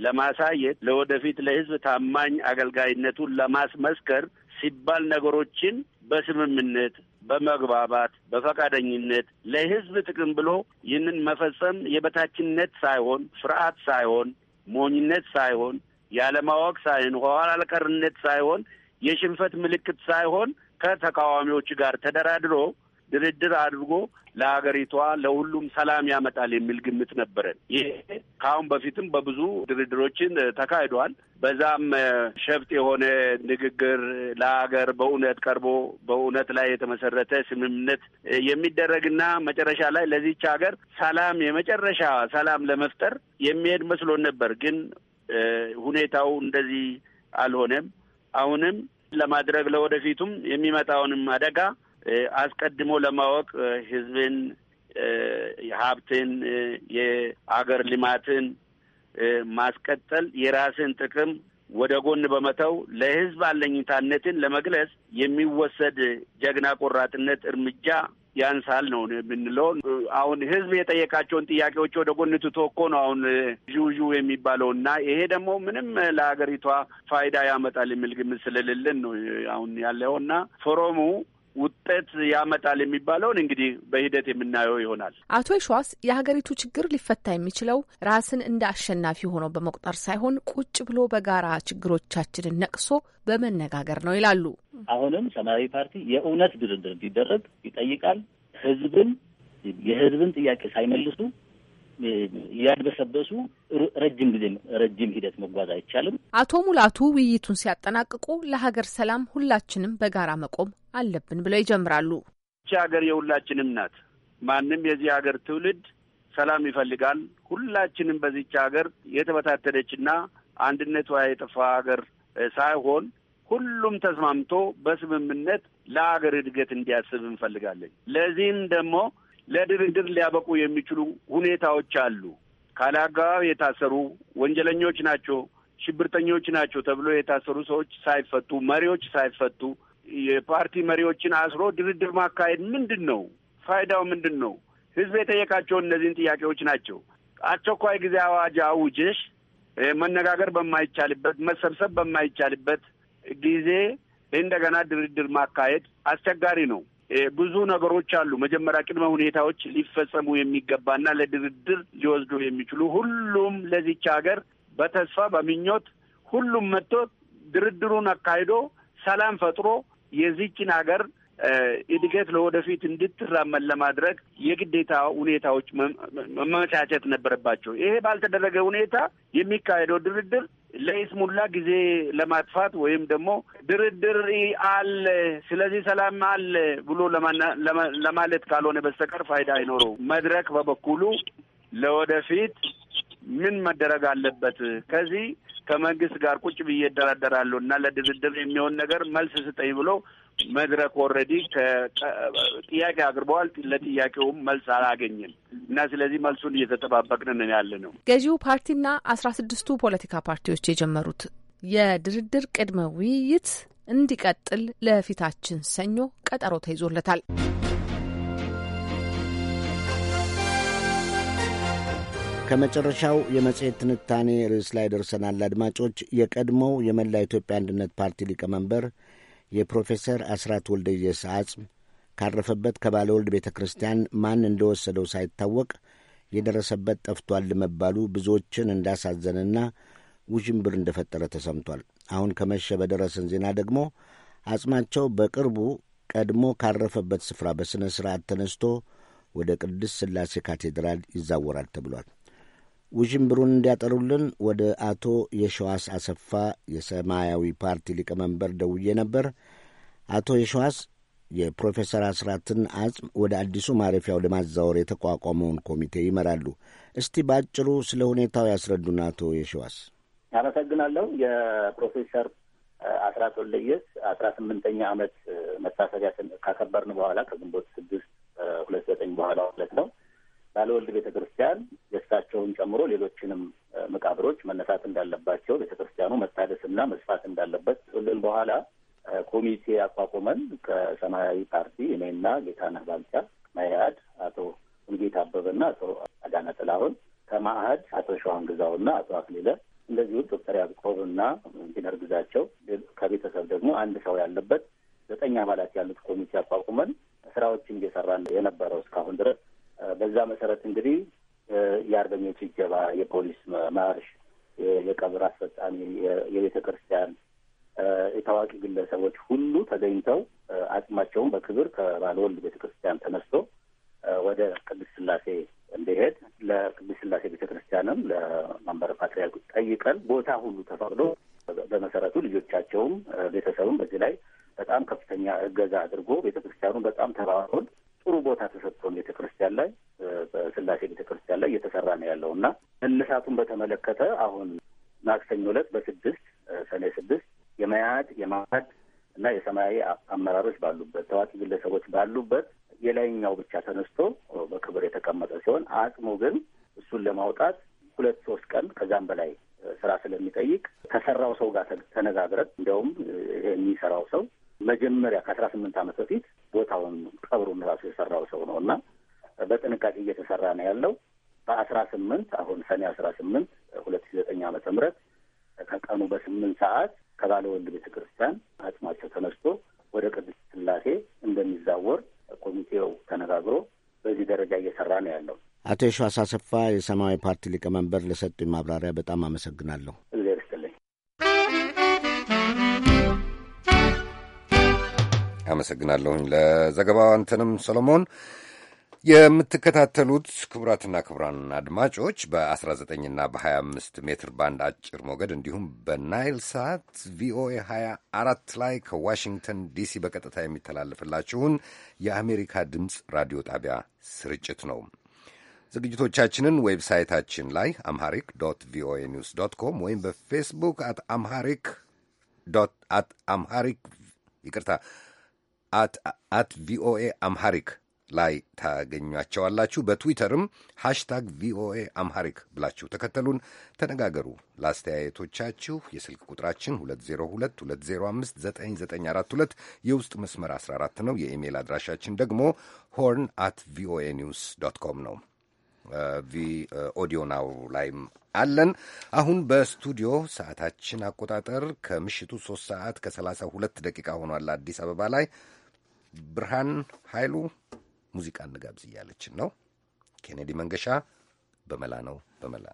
ለማሳየት ለወደፊት ለህዝብ ታማኝ አገልጋይነቱን ለማስመስከር ሲባል ነገሮችን በስምምነት በመግባባት በፈቃደኝነት ለህዝብ ጥቅም ብሎ ይህንን መፈጸም የበታችነት ሳይሆን ፍርሃት ሳይሆን ሞኝነት ሳይሆን ያለማወቅ ሳይሆን ኋላ ቀርነት ሳይሆን የሽንፈት ምልክት ሳይሆን ከተቃዋሚዎች ጋር ተደራድሮ ድርድር አድርጎ ለሀገሪቷ ለሁሉም ሰላም ያመጣል የሚል ግምት ነበረን። ይሄ ከአሁን በፊትም በብዙ ድርድሮችን ተካሂዷል። በዛም ሸፍጥ የሆነ ንግግር ለሀገር በእውነት ቀርቦ በእውነት ላይ የተመሰረተ ስምምነት የሚደረግና መጨረሻ ላይ ለዚች ሀገር ሰላም የመጨረሻ ሰላም ለመፍጠር የሚሄድ መስሎን ነበር። ግን ሁኔታው እንደዚህ አልሆነም። አሁንም ለማድረግ ለወደፊቱም የሚመጣውንም አደጋ አስቀድሞ ለማወቅ ህዝብን፣ ሀብትን፣ የአገር ልማትን ማስቀጠል የራስን ጥቅም ወደ ጎን በመተው ለህዝብ አለኝታነትን ለመግለጽ የሚወሰድ ጀግና ቆራጥነት እርምጃ ያንሳል ነው የምንለው። አሁን ህዝብ የጠየቃቸውን ጥያቄዎች ወደ ጎን ትቶ እኮ ነው አሁን ዥውዥ የሚባለው እና ይሄ ደግሞ ምንም ለሀገሪቷ ፋይዳ ያመጣል የሚል ግምት ስለሌለን ነው አሁን ያለው እና ፎረሙ ውጤት ያመጣል የሚባለውን እንግዲህ በሂደት የምናየው ይሆናል። አቶ ይሸዋስ የሀገሪቱ ችግር ሊፈታ የሚችለው ራስን እንደ አሸናፊ ሆኖ በመቁጠር ሳይሆን ቁጭ ብሎ በጋራ ችግሮቻችንን ነቅሶ በመነጋገር ነው ይላሉ። አሁንም ሰማያዊ ፓርቲ የእውነት ድርድር እንዲደረግ ይጠይቃል። ህዝብን የህዝብን ጥያቄ ሳይመልሱ እያድበሰበሱ ረጅም ጊዜ ረጅም ሂደት መጓዝ አይቻልም። አቶ ሙላቱ ውይይቱን ሲያጠናቅቁ ለሀገር ሰላም ሁላችንም በጋራ መቆም አለብን ብለው ይጀምራሉ። ይቺ ሀገር የሁላችንም ናት። ማንም የዚህ ሀገር ትውልድ ሰላም ይፈልጋል። ሁላችንም በዚች ሀገር የተበታተነችና አንድነቷ የጠፋ ሀገር ሳይሆን ሁሉም ተስማምቶ በስምምነት ለሀገር እድገት እንዲያስብ እንፈልጋለን። ለዚህም ደግሞ ለድርድር ሊያበቁ የሚችሉ ሁኔታዎች አሉ። ካለ አግባብ የታሰሩ ወንጀለኞች ናቸው፣ ሽብርተኞች ናቸው ተብሎ የታሰሩ ሰዎች ሳይፈቱ፣ መሪዎች ሳይፈቱ የፓርቲ መሪዎችን አስሮ ድርድር ማካሄድ ምንድን ነው ፋይዳው ምንድን ነው? ህዝብ የጠየቃቸውን እነዚህን ጥያቄዎች ናቸው። አስቸኳይ ጊዜ አዋጅ አውጀሽ መነጋገር በማይቻልበት መሰብሰብ በማይቻልበት ጊዜ እንደገና ድርድር ማካሄድ አስቸጋሪ ነው። ብዙ ነገሮች አሉ። መጀመሪያ ቅድመ ሁኔታዎች ሊፈጸሙ የሚገባና ለድርድር ሊወስዱ የሚችሉ ሁሉም ለዚች ሀገር በተስፋ በምኞት ሁሉም መጥቶ ድርድሩን አካሂዶ ሰላም ፈጥሮ የዚችን ሀገር እድገት ለወደፊት እንድትራመድ ለማድረግ የግዴታ ሁኔታዎች መመቻቸት ነበረባቸው። ይሄ ባልተደረገ ሁኔታ የሚካሄደው ድርድር ለይስሙላ ጊዜ ለማጥፋት ወይም ደግሞ ድርድር አለ፣ ስለዚህ ሰላም አለ ብሎ ለማለት ካልሆነ በስተቀር ፋይዳ አይኖረው መድረክ በበኩሉ ለወደፊት ምን መደረግ አለበት? ከዚህ ከመንግስት ጋር ቁጭ ብዬ እደራደራለሁ እና ለድርድር የሚሆን ነገር መልስ ስጠኝ ብሎ መድረክ ኦልሬዲ ጥያቄ አቅርበዋል። ለጥያቄውም መልስ አላገኝም። እና ስለዚህ መልሱን እየተጠባበቅን ያለ ነው። ገዢው ፓርቲና አስራ ስድስቱ ፖለቲካ ፓርቲዎች የጀመሩት የድርድር ቅድመ ውይይት እንዲቀጥል ለፊታችን ሰኞ ቀጠሮ ተይዞለታል። ከመጨረሻው የመጽሔት ትንታኔ ርዕስ ላይ ደርሰናል። አድማጮች፣ የቀድሞው የመላ ኢትዮጵያ አንድነት ፓርቲ ሊቀመንበር የፕሮፌሰር አስራት ወልደየስ አጽም ካረፈበት ከባለወልድ ቤተ ክርስቲያን ማን እንደወሰደው ሳይታወቅ የደረሰበት ጠፍቷል መባሉ ብዙዎችን እንዳሳዘንና ውዥንብር እንደፈጠረ ተሰምቷል። አሁን ከመሸ በደረሰን ዜና ደግሞ አጽማቸው በቅርቡ ቀድሞ ካረፈበት ስፍራ በሥነ ሥርዓት ተነስቶ ወደ ቅድስት ሥላሴ ካቴድራል ይዛወራል ተብሏል። ውዥንብሩን እንዲያጠሩልን ወደ አቶ የሸዋስ አሰፋ የሰማያዊ ፓርቲ ሊቀመንበር ደውዬ ነበር። አቶ የሸዋስ የፕሮፌሰር አስራትን አጽም ወደ አዲሱ ማረፊያው ለማዛወር የተቋቋመውን ኮሚቴ ይመራሉ። እስቲ በአጭሩ ስለ ሁኔታው ያስረዱን አቶ የሸዋስ። አመሰግናለሁ። የፕሮፌሰር አስራት ወልደየስ አስራ ስምንተኛ ዓመት መታሰቢያ ካከበርን በኋላ ከግንቦት ስድስት ሁለት ዘጠኝ በኋላ ማለት ነው ባለወልድ ቤተ ክርስቲያን የእሳቸውን ጨምሮ ሌሎችንም መቃብሮች መነሳት እንዳለባቸው ቤተ ክርስቲያኑ መታደስና መስፋት እንዳለበት ልል በኋላ ኮሚቴ አቋቁመን ከሰማያዊ ፓርቲ እኔና ጌታነህ ባልቻ መኢአድ አቶ ሙሉጌታ አበበና አቶ አዳነ ጥላሁን ከማአህድ አቶ ሸዋን ግዛውና አቶ አክሊለ እንደዚሁ ዶክተር ያዕቆብና ኢንጂነር ግዛቸው ከቤተሰብ ደግሞ አንድ ሰው ያለበት ዘጠኝ አባላት ያሉት ኮሚቴ አቋቁመን ስራዎችን እየሰራ የነበረው እስካሁን ድረስ በዛ መሰረት እንግዲህ የአርበኞች እጀባ፣ የፖሊስ ማርሽ፣ የቀብር አስፈጻሚ፣ የቤተ ክርስቲያን፣ የታዋቂ ግለሰቦች ሁሉ ተገኝተው አጽማቸውን በክብር ከባለ ወልድ ቤተ ክርስቲያን ተነስቶ ወደ ቅዱስ ስላሴ እንዲሄድ ለቅዱስ ስላሴ ቤተ ክርስቲያንም ለመንበረ ፓትርያርኩ ጠይቀን ቦታ ሁሉ ተፈቅዶ በመሰረቱ ልጆቻቸውም ቤተሰቡም በዚህ ላይ በጣም ከፍተኛ እገዛ አድርጎ ቤተ ክርስቲያኑ በጣም ተባሮን ጥሩ ቦታ ተሰጥቶን ቤተ ክርስቲያን ላይ በስላሴ ቤተክርስቲያን ላይ እየተሰራ ነው ያለው እና እልሳቱን በተመለከተ አሁን ማክሰኞ ዕለት በስድስት ሰኔ ስድስት የመያድ የማዕድ እና የሰማያዊ አመራሮች ባሉበት ታዋቂ ግለሰቦች ባሉበት የላይኛው ብቻ ተነስቶ በክብር የተቀመጠ ሲሆን አጽሙ ግን እሱን ለማውጣት ሁለት ሶስት ቀን ከዛም በላይ ስራ ስለሚጠይቅ ከሰራው ሰው ጋር ተነጋግረን እንዲያውም ይሄ የሚሰራው ሰው መጀመሪያ ከአስራ ስምንት ዓመት በፊት ቦታውን ቀብሩን ራሱ የሰራው ሰው ነው እና በጥንቃቄ እየተሰራ ነው ያለው። በአስራ ስምንት አሁን ሰኔ አስራ ስምንት ሁለት ሺ ዘጠኝ ዓመተ ምህረት ከቀኑ በስምንት ሰዓት ከባለ ወልድ ቤተ ክርስቲያን አጽማቸው ተነስቶ ወደ ቅድስት ስላሴ እንደሚዛወር ኮሚቴው ተነጋግሮ በዚህ ደረጃ እየሰራ ነው ያለው። አቶ የሸዋስ አሰፋ የሰማያዊ ፓርቲ ሊቀመንበር ለሰጡኝ ማብራሪያ በጣም አመሰግናለሁ። አመሰግናለሁኝ ለዘገባው አንተንም ሰሎሞን። የምትከታተሉት ክቡራትና ክቡራን አድማጮች በ19ና በ25 ሜትር ባንድ አጭር ሞገድ እንዲሁም በናይል ሳት ቪኦኤ 24 ላይ ከዋሽንግተን ዲሲ በቀጥታ የሚተላለፍላችሁን የአሜሪካ ድምፅ ራዲዮ ጣቢያ ስርጭት ነው። ዝግጅቶቻችንን ዌብሳይታችን ላይ አምሃሪክ ዶት ቪኦኤ ኒውስ ዶት ኮም ወይም በፌስቡክ አት አምሃሪክ ዶት አት አምሃሪክ ይቅርታ አት ቪኦኤ አምሃሪክ ላይ ታገኟቸዋላችሁ። በትዊተርም ሃሽታግ ቪኦኤ አምሃሪክ ብላችሁ ተከተሉን፣ ተነጋገሩ። ለአስተያየቶቻችሁ የስልክ ቁጥራችን 2022059942 የውስጥ መስመር 14 ነው። የኢሜይል አድራሻችን ደግሞ ሆርን አት ቪኦኤ ኒውስ ዶት ኮም ነው። ኦዲዮ ናው ላይም አለን። አሁን በስቱዲዮ ሰዓታችን አቆጣጠር ከምሽቱ 3 ሰዓት ከ32 ደቂቃ ሆኗል። አዲስ አበባ ላይ ብርሃን ኃይሉ ሙዚቃ እንጋብዝ እያለችን ነው። ኬኔዲ መንገሻ በመላ ነው በመላ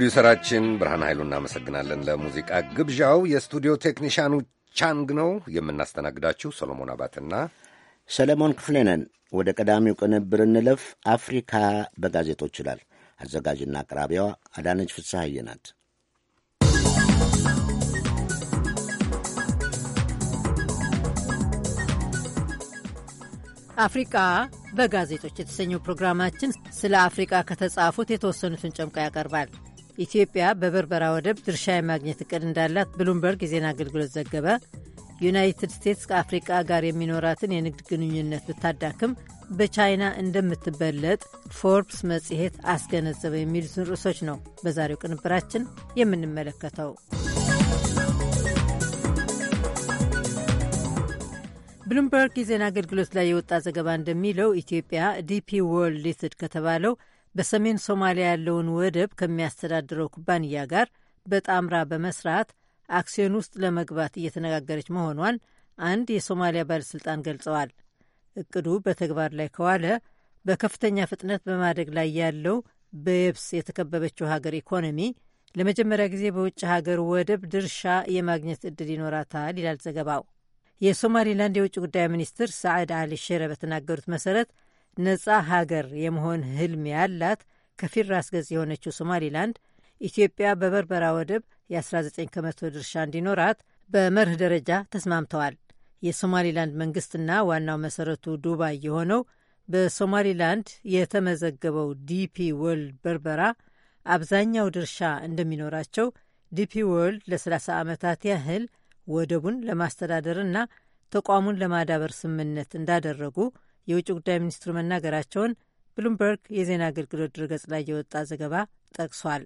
ፕሮዲውሰራችን ብርሃን ኃይሉ እናመሰግናለን ለሙዚቃ ግብዣው። የስቱዲዮ ቴክኒሽያኑ ቻንግ ነው የምናስተናግዳችሁ። ሰሎሞን አባትና ሰለሞን ክፍሌ ነን። ወደ ቀዳሚው ቅንብር እንለፍ። አፍሪካ በጋዜጦች ይላል። አዘጋጅና አቅራቢዋ አዳነች ፍስሐዬ ናት። አፍሪቃ በጋዜጦች የተሰኘው ፕሮግራማችን ስለ አፍሪቃ ከተጻፉት የተወሰኑትን ጨምቆ ያቀርባል። ኢትዮጵያ በበርበራ ወደብ ድርሻ የማግኘት እቅድ እንዳላት ብሉምበርግ የዜና አገልግሎት ዘገበ። ዩናይትድ ስቴትስ ከአፍሪቃ ጋር የሚኖራትን የንግድ ግንኙነት ብታዳክም በቻይና እንደምትበለጥ ፎርብስ መጽሔት አስገነዘበ። የሚሉትን ርዕሶች ነው በዛሬው ቅንብራችን የምንመለከተው። ብሉምበርግ የዜና አገልግሎት ላይ የወጣ ዘገባ እንደሚለው ኢትዮጵያ ዲፒ ወርልድ ሊትድ ከተባለው በሰሜን ሶማሊያ ያለውን ወደብ ከሚያስተዳድረው ኩባንያ ጋር በጣምራ በመስራት አክሲዮን ውስጥ ለመግባት እየተነጋገረች መሆኗን አንድ የሶማሊያ ባለሥልጣን ገልጸዋል። እቅዱ በተግባር ላይ ከዋለ በከፍተኛ ፍጥነት በማደግ ላይ ያለው በየብስ የተከበበችው ሀገር ኢኮኖሚ ለመጀመሪያ ጊዜ በውጭ ሀገር ወደብ ድርሻ የማግኘት እድል ይኖራታል ይላል ዘገባው። የሶማሊላንድ የውጭ ጉዳይ ሚኒስትር ሳዕድ አሊ ሼረ በተናገሩት መሰረት ነጻ ሀገር የመሆን ህልም ያላት ከፊል ራስ ገዝ የሆነችው ሶማሊላንድ ኢትዮጵያ በበርበራ ወደብ የ19 ከመቶ ድርሻ እንዲኖራት በመርህ ደረጃ ተስማምተዋል። የሶማሊላንድ መንግስትና ዋናው መሰረቱ ዱባይ የሆነው በሶማሊላንድ የተመዘገበው ዲፒ ወርልድ በርበራ አብዛኛው ድርሻ እንደሚኖራቸው ዲፒ ወርልድ ለ30 ዓመታት ያህል ወደቡን ለማስተዳደርና ተቋሙን ለማዳበር ስምምነት እንዳደረጉ የውጭ ጉዳይ ሚኒስትሩ መናገራቸውን ብሉምበርግ የዜና አገልግሎት ድረገጽ ላይ የወጣ ዘገባ ጠቅሷል።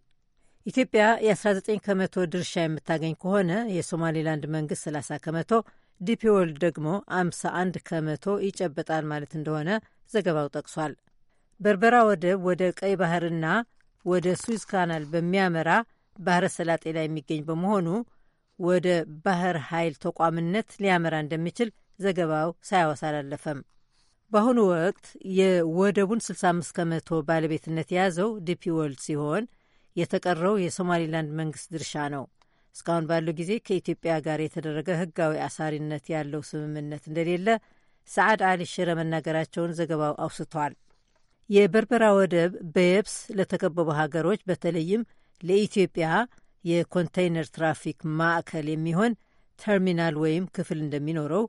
ኢትዮጵያ የ19 ከመቶ ድርሻ የምታገኝ ከሆነ የሶማሌላንድ መንግስት 30 ከመቶ፣ ዲፒ ወርልድ ደግሞ 51 ከመቶ ይጨበጣል ማለት እንደሆነ ዘገባው ጠቅሷል። በርበራ ወደብ ወደ ቀይ ባህርና ወደ ስዊዝ ካናል በሚያመራ ባህረ ሰላጤ ላይ የሚገኝ በመሆኑ ወደ ባህር ኃይል ተቋምነት ሊያመራ እንደሚችል ዘገባው ሳያወሳ አላለፈም። በአሁኑ ወቅት የወደቡን 65 ከመቶ ባለቤትነት የያዘው ዲፒ ወርልድ ሲሆን የተቀረው የሶማሊላንድ መንግስት ድርሻ ነው። እስካሁን ባለው ጊዜ ከኢትዮጵያ ጋር የተደረገ ህጋዊ አሳሪነት ያለው ስምምነት እንደሌለ ሰዓድ አሊ ሽረ መናገራቸውን ዘገባው አውስቷል። የበርበራ ወደብ በየብስ ለተከበቡ ሀገሮች በተለይም ለኢትዮጵያ የኮንቴይነር ትራፊክ ማዕከል የሚሆን ተርሚናል ወይም ክፍል እንደሚኖረው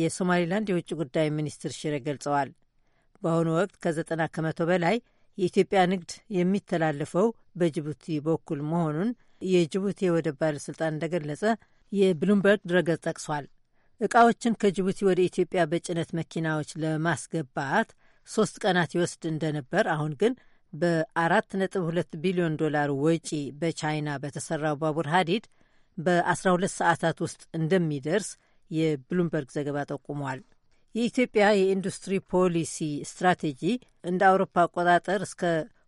የሶማሌላንድ የውጭ ጉዳይ ሚኒስትር ሽሬ ገልጸዋል። በአሁኑ ወቅት ከዘጠና ከመቶ በላይ የኢትዮጵያ ንግድ የሚተላለፈው በጅቡቲ በኩል መሆኑን የጅቡቲ የወደብ ባለሥልጣን እንደገለጸ የብሉምበርግ ድረገጽ ጠቅሷል። እቃዎችን ከጅቡቲ ወደ ኢትዮጵያ በጭነት መኪናዎች ለማስገባት ሶስት ቀናት ይወስድ እንደነበር አሁን ግን በ4.2 ቢሊዮን ዶላር ወጪ በቻይና በተሰራው ባቡር ሀዲድ በ12 ሰዓታት ውስጥ እንደሚደርስ የብሉምበርግ ዘገባ ጠቁሟል። የኢትዮጵያ የኢንዱስትሪ ፖሊሲ ስትራቴጂ እንደ አውሮፓ አቆጣጠር እስከ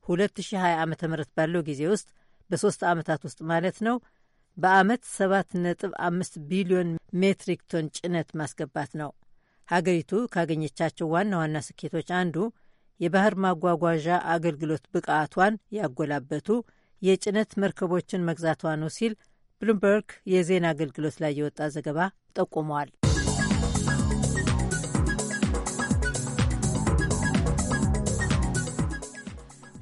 2020 ዓ ም ባለው ጊዜ ውስጥ በሶስት ዓመታት ውስጥ ማለት ነው በአመት 7.5 ቢሊዮን ሜትሪክ ቶን ጭነት ማስገባት ነው። ሀገሪቱ ካገኘቻቸው ዋና ዋና ስኬቶች አንዱ የባህር ማጓጓዣ አገልግሎት ብቃቷን ያጎላበቱ የጭነት መርከቦችን መግዛቷ ነው ሲል ብሉምበርግ የዜና አገልግሎት ላይ የወጣ ዘገባ ጠቁመዋል።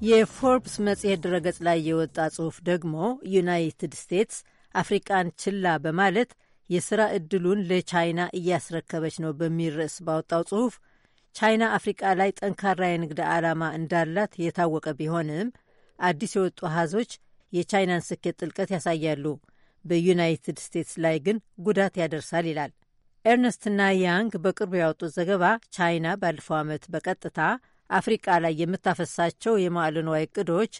የፎርብስ መጽሔት ድረገጽ ላይ የወጣ ጽሑፍ ደግሞ ዩናይትድ ስቴትስ አፍሪቃን ችላ በማለት የሥራ ዕድሉን ለቻይና እያስረከበች ነው በሚል ርዕስ ባወጣው ጽሑፍ ቻይና አፍሪቃ ላይ ጠንካራ የንግድ ዓላማ እንዳላት የታወቀ ቢሆንም አዲስ የወጡ አሃዞች የቻይናን ስኬት ጥልቀት ያሳያሉ። በዩናይትድ ስቴትስ ላይ ግን ጉዳት ያደርሳል ይላል። ኤርነስትና ያንግ በቅርቡ ያወጡት ዘገባ ቻይና ባለፈው ዓመት በቀጥታ አፍሪቃ ላይ የምታፈሳቸው የመዋዕለ ንዋይ እቅዶች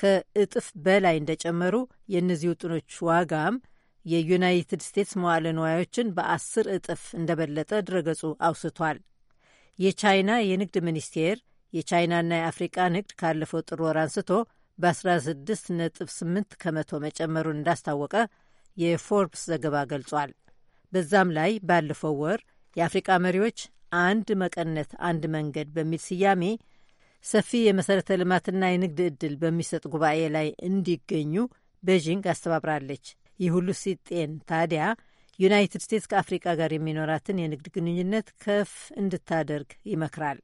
ከእጥፍ በላይ እንደጨመሩ፣ የእነዚህ ውጥኖች ዋጋም የዩናይትድ ስቴትስ መዋዕለ ንዋዮችን በአስር እጥፍ እንደበለጠ ድረገጹ አውስቷል። የቻይና የንግድ ሚኒስቴር የቻይናና የአፍሪቃ ንግድ ካለፈው ጥር ወር አንስቶ በ16.8 ከመቶ መጨመሩን እንዳስታወቀ የፎርብስ ዘገባ ገልጿል። በዛም ላይ ባለፈው ወር የአፍሪቃ መሪዎች አንድ መቀነት አንድ መንገድ በሚል ስያሜ ሰፊ የመሠረተ ልማትና የንግድ ዕድል በሚሰጥ ጉባኤ ላይ እንዲገኙ ቤዥንግ አስተባብራለች። ይህ ሁሉ ሲጤን ታዲያ ዩናይትድ ስቴትስ ከአፍሪቃ ጋር የሚኖራትን የንግድ ግንኙነት ከፍ እንድታደርግ ይመክራል።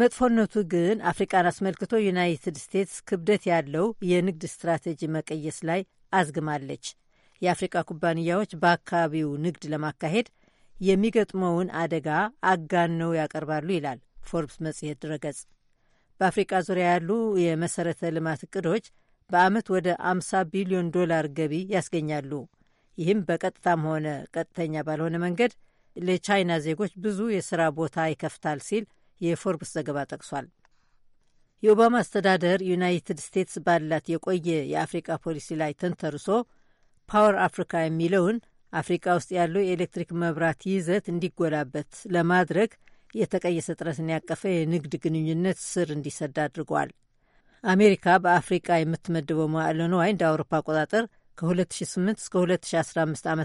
መጥፎነቱ ግን አፍሪቃን አስመልክቶ ዩናይትድ ስቴትስ ክብደት ያለው የንግድ ስትራቴጂ መቀየስ ላይ አዝግማለች። የአፍሪካ ኩባንያዎች በአካባቢው ንግድ ለማካሄድ የሚገጥመውን አደጋ አጋነው ያቀርባሉ ይላል ፎርብስ መጽሔት ድረገጽ። በአፍሪቃ ዙሪያ ያሉ የመሰረተ ልማት እቅዶች በአመት ወደ 50 ቢሊዮን ዶላር ገቢ ያስገኛሉ። ይህም በቀጥታም ሆነ ቀጥተኛ ባልሆነ መንገድ ለቻይና ዜጎች ብዙ የሥራ ቦታ ይከፍታል ሲል የፎርብስ ዘገባ ጠቅሷል። የኦባማ አስተዳደር ዩናይትድ ስቴትስ ባላት የቆየ የአፍሪቃ ፖሊሲ ላይ ተንተርሶ ፓወር አፍሪካ የሚለውን አፍሪካ ውስጥ ያለው የኤሌክትሪክ መብራት ይዘት እንዲጎላበት ለማድረግ የተቀየሰ ጥረትን ያቀፈ የንግድ ግንኙነት ስር እንዲሰድ አድርጓል። አሜሪካ በአፍሪቃ የምትመድበው መዋዕለ ንዋይ እንደ አውሮፓ አቆጣጠር ከ2008 እስከ 2015 ዓ ም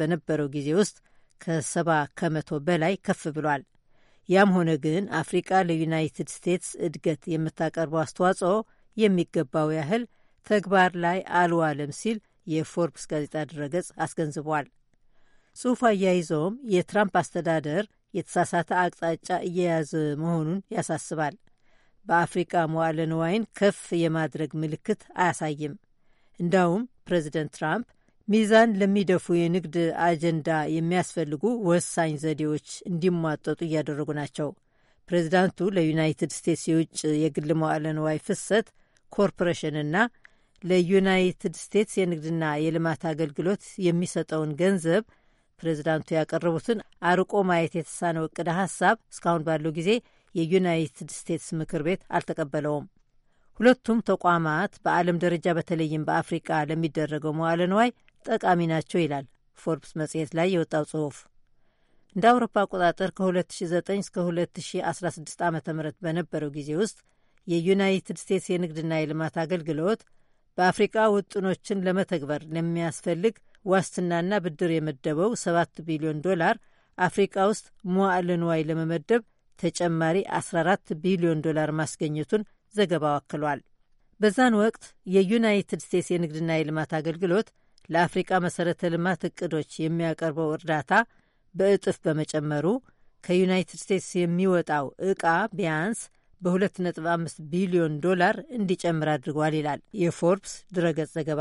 በነበረው ጊዜ ውስጥ ከ70 ከመቶ በላይ ከፍ ብሏል። ያም ሆነ ግን አፍሪቃ ለዩናይትድ ስቴትስ እድገት የምታቀርበው አስተዋጽኦ የሚገባው ያህል ተግባር ላይ አልዋለም ሲል የፎርብስ ጋዜጣ ድረገጽ አስገንዝቧል። ጽሑፍ አያይዘውም የትራምፕ አስተዳደር የተሳሳተ አቅጣጫ እየያዘ መሆኑን ያሳስባል። በአፍሪቃ መዋለ ንዋይን ከፍ የማድረግ ምልክት አያሳይም። እንዳውም ፕሬዚደንት ትራምፕ ሚዛን ለሚደፉ የንግድ አጀንዳ የሚያስፈልጉ ወሳኝ ዘዴዎች እንዲሟጠጡ እያደረጉ ናቸው። ፕሬዚዳንቱ ለዩናይትድ ስቴትስ የውጭ የግል መዋለ ንዋይ ፍሰት ኮርፖሬሽንና ለዩናይትድ ስቴትስ የንግድና የልማት አገልግሎት የሚሰጠውን ገንዘብ ፕሬዚዳንቱ ያቀረቡትን አርቆ ማየት የተሳነው እቅደ ሀሳብ እስካሁን ባለው ጊዜ የዩናይትድ ስቴትስ ምክር ቤት አልተቀበለውም። ሁለቱም ተቋማት በዓለም ደረጃ በተለይም በአፍሪቃ ለሚደረገው መዋለ ንዋይ ጠቃሚ ናቸው ይላል ፎርብስ መጽሔት ላይ የወጣው ጽሑፍ። እንደ አውሮፓ አቆጣጠር ከ2009 እስከ 2016 ዓ ም በነበረው ጊዜ ውስጥ የዩናይትድ ስቴትስ የንግድና የልማት አገልግሎት በአፍሪቃ ውጥኖችን ለመተግበር ለሚያስፈልግ ዋስትናና ብድር የመደበው 7 ቢሊዮን ዶላር አፍሪቃ ውስጥ መዋዕለ ንዋይ ለመመደብ ተጨማሪ 14 ቢሊዮን ዶላር ማስገኘቱን ዘገባው አክሏል። በዛን ወቅት የዩናይትድ ስቴትስ የንግድና የልማት አገልግሎት ለአፍሪቃ መሰረተ ልማት እቅዶች የሚያቀርበው እርዳታ በእጥፍ በመጨመሩ ከዩናይትድ ስቴትስ የሚወጣው ዕቃ ቢያንስ በ2.5 ቢሊዮን ዶላር እንዲጨምር አድርጓል ይላል የፎርብስ ድረገጽ ዘገባ።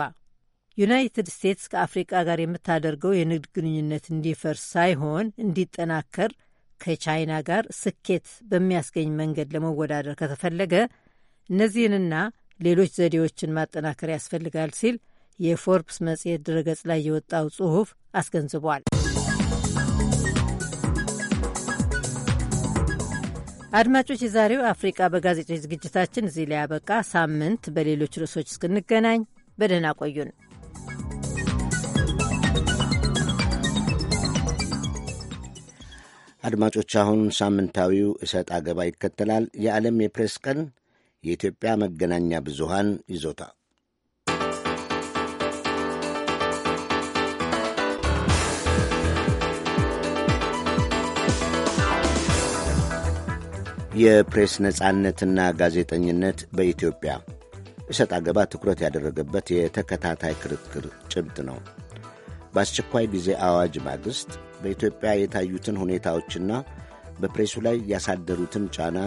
ዩናይትድ ስቴትስ ከአፍሪቃ ጋር የምታደርገው የንግድ ግንኙነት እንዲፈርስ ሳይሆን እንዲጠናከር ከቻይና ጋር ስኬት በሚያስገኝ መንገድ ለመወዳደር ከተፈለገ እነዚህንና ሌሎች ዘዴዎችን ማጠናከር ያስፈልጋል ሲል የፎርብስ መጽሔት ድረገጽ ላይ የወጣው ጽሑፍ አስገንዝቧል። አድማጮች፣ የዛሬው አፍሪቃ በጋዜጦች ዝግጅታችን እዚህ ላይ ያበቃ። ሳምንት በሌሎች ርዕሶች እስክንገናኝ በደህና ቆዩን። አድማጮች፣ አሁን ሳምንታዊው እሰጥ አገባ ይከተላል። የዓለም የፕሬስ ቀን፣ የኢትዮጵያ መገናኛ ብዙሃን ይዞታ የፕሬስ ነጻነትና ጋዜጠኝነት በኢትዮጵያ እሰጥ አገባ ትኩረት ያደረገበት የተከታታይ ክርክር ጭብጥ ነው። በአስቸኳይ ጊዜ አዋጅ ማግስት በኢትዮጵያ የታዩትን ሁኔታዎችና በፕሬሱ ላይ ያሳደሩትን ጫና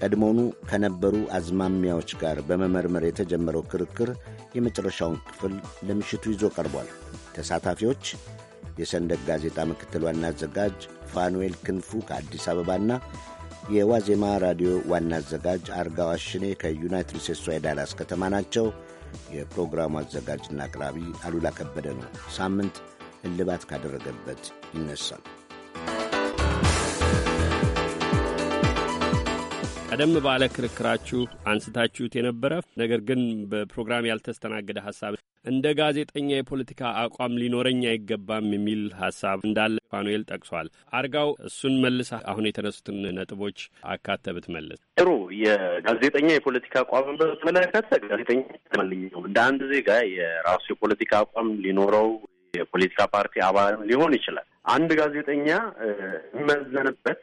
ቀድሞኑ ከነበሩ አዝማሚያዎች ጋር በመመርመር የተጀመረው ክርክር የመጨረሻውን ክፍል ለምሽቱ ይዞ ቀርቧል። ተሳታፊዎች የሰንደቅ ጋዜጣ ምክትል ዋና አዘጋጅ ፋኑኤል ክንፉ ከአዲስ አበባና የዋዜማ ራዲዮ ዋና አዘጋጅ አርጋ አሽኔ ከዩናይትድ ስቴትስ የዳላስ ከተማ ናቸው። የፕሮግራሙ አዘጋጅና አቅራቢ አሉላ ከበደ ነው። ሳምንት እልባት ካደረገበት ይነሳል። ቀደም ባለ ክርክራችሁ አንስታችሁት የነበረ ነገር ግን በፕሮግራም ያልተስተናገደ ሀሳብ እንደ ጋዜጠኛ የፖለቲካ አቋም ሊኖረኝ አይገባም የሚል ሀሳብ እንዳለ ፋኑኤል ጠቅሷል። አርጋው እሱን መልስ አሁን የተነሱትን ነጥቦች አካተ ብትመልስ ጥሩ። የጋዜጠኛ የፖለቲካ አቋም በተመለከተ ጋዜጠኛ መልኛው እንደ አንድ ዜጋ የራሱ የፖለቲካ አቋም ሊኖረው የፖለቲካ ፓርቲ አባል ሊሆን ይችላል። አንድ ጋዜጠኛ የሚመዘንበት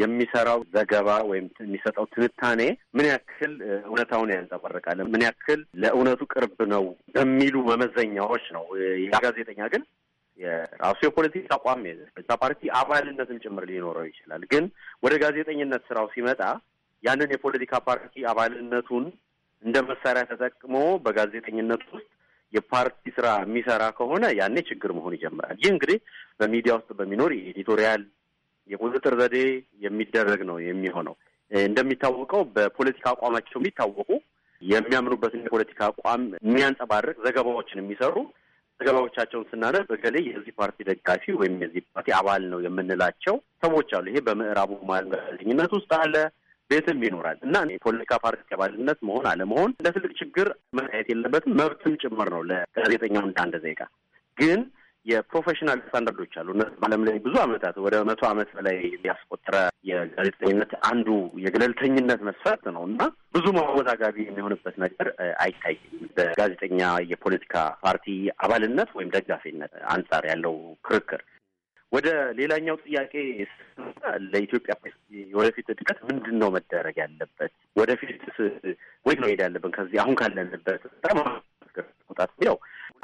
የሚሰራው ዘገባ ወይም የሚሰጠው ትንታኔ ምን ያክል እውነታውን ያንጸባርቃል፣ ምን ያክል ለእውነቱ ቅርብ ነው በሚሉ መመዘኛዎች ነው። ያ ጋዜጠኛ ግን የራሱ የፖለቲክ አቋም የዛ ፓርቲ አባልነትም ጭምር ሊኖረው ይችላል። ግን ወደ ጋዜጠኝነት ስራው ሲመጣ ያንን የፖለቲካ ፓርቲ አባልነቱን እንደ መሳሪያ ተጠቅሞ በጋዜጠኝነት ውስጥ የፓርቲ ስራ የሚሰራ ከሆነ ያኔ ችግር መሆን ይጀምራል። ይህ እንግዲህ በሚዲያ ውስጥ በሚኖር የኤዲቶሪያል የቁጥጥር ዘዴ የሚደረግ ነው የሚሆነው። እንደሚታወቀው በፖለቲካ አቋማቸው የሚታወቁ የሚያምኑበትን የፖለቲካ አቋም የሚያንጸባርቅ ዘገባዎችን የሚሰሩ ዘገባዎቻቸውን ስናነብ በተለይ የዚህ ፓርቲ ደጋፊ ወይም የዚህ ፓርቲ አባል ነው የምንላቸው ሰዎች አሉ። ይሄ በምዕራቡ ማለምጋዜጠኝነት ውስጥ አለ፣ ቤትም ይኖራል እና የፖለቲካ ፓርቲ አባልነት መሆን አለመሆን እንደ ትልቅ ችግር መታየት የለበትም። መብትም ጭምር ነው ለጋዜጠኛው እንደ አንድ ዜጋ። ግን የፕሮፌሽናል ስታንዳርዶች አሉ። በዓለም ላይ ብዙ ዓመታት ወደ መቶ ዓመት በላይ ያስቆጠረ የጋዜጠኝነት አንዱ የገለልተኝነት መስፈርት ነው እና ብዙ ማወዛጋቢ የሚሆንበት ነገር አይታይም። በጋዜጠኛ የፖለቲካ ፓርቲ አባልነት ወይም ደጋፊነት አንጻር ያለው ክርክር ወደ ሌላኛው ጥያቄ ለኢትዮጵያ የወደፊት እድገት ምንድን ነው መደረግ ያለበት? ወደፊት ወይ ነው ሄድ ያለብን ከዚህ አሁን ካለንበት በጣም መውጣት የሚለው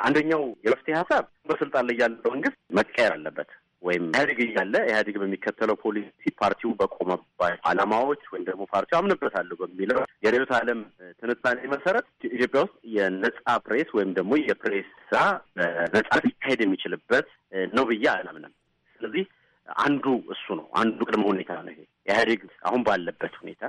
አንደኛው የመፍትሄ ሀሳብ በስልጣን ላይ ያለው መንግስት መቀየር አለበት ወይም ኢህአዴግ እያለ ኢህአዴግ በሚከተለው ፖሊሲ ፓርቲው በቆመባቸው አላማዎች ወይም ደግሞ ፓርቲው አምንበታለሁ በሚለው የርዕዮተ ዓለም ትንታኔ መሰረት ኢትዮጵያ ውስጥ የነጻ ፕሬስ ወይም ደግሞ የፕሬስ ስራ በነጻ ሊካሄድ የሚችልበት ነው ብዬ አላምንም። ስለዚህ አንዱ እሱ ነው። አንዱ ቅድመ ሁኔታ ነው ይሄ ኢህአዴግ አሁን ባለበት ሁኔታ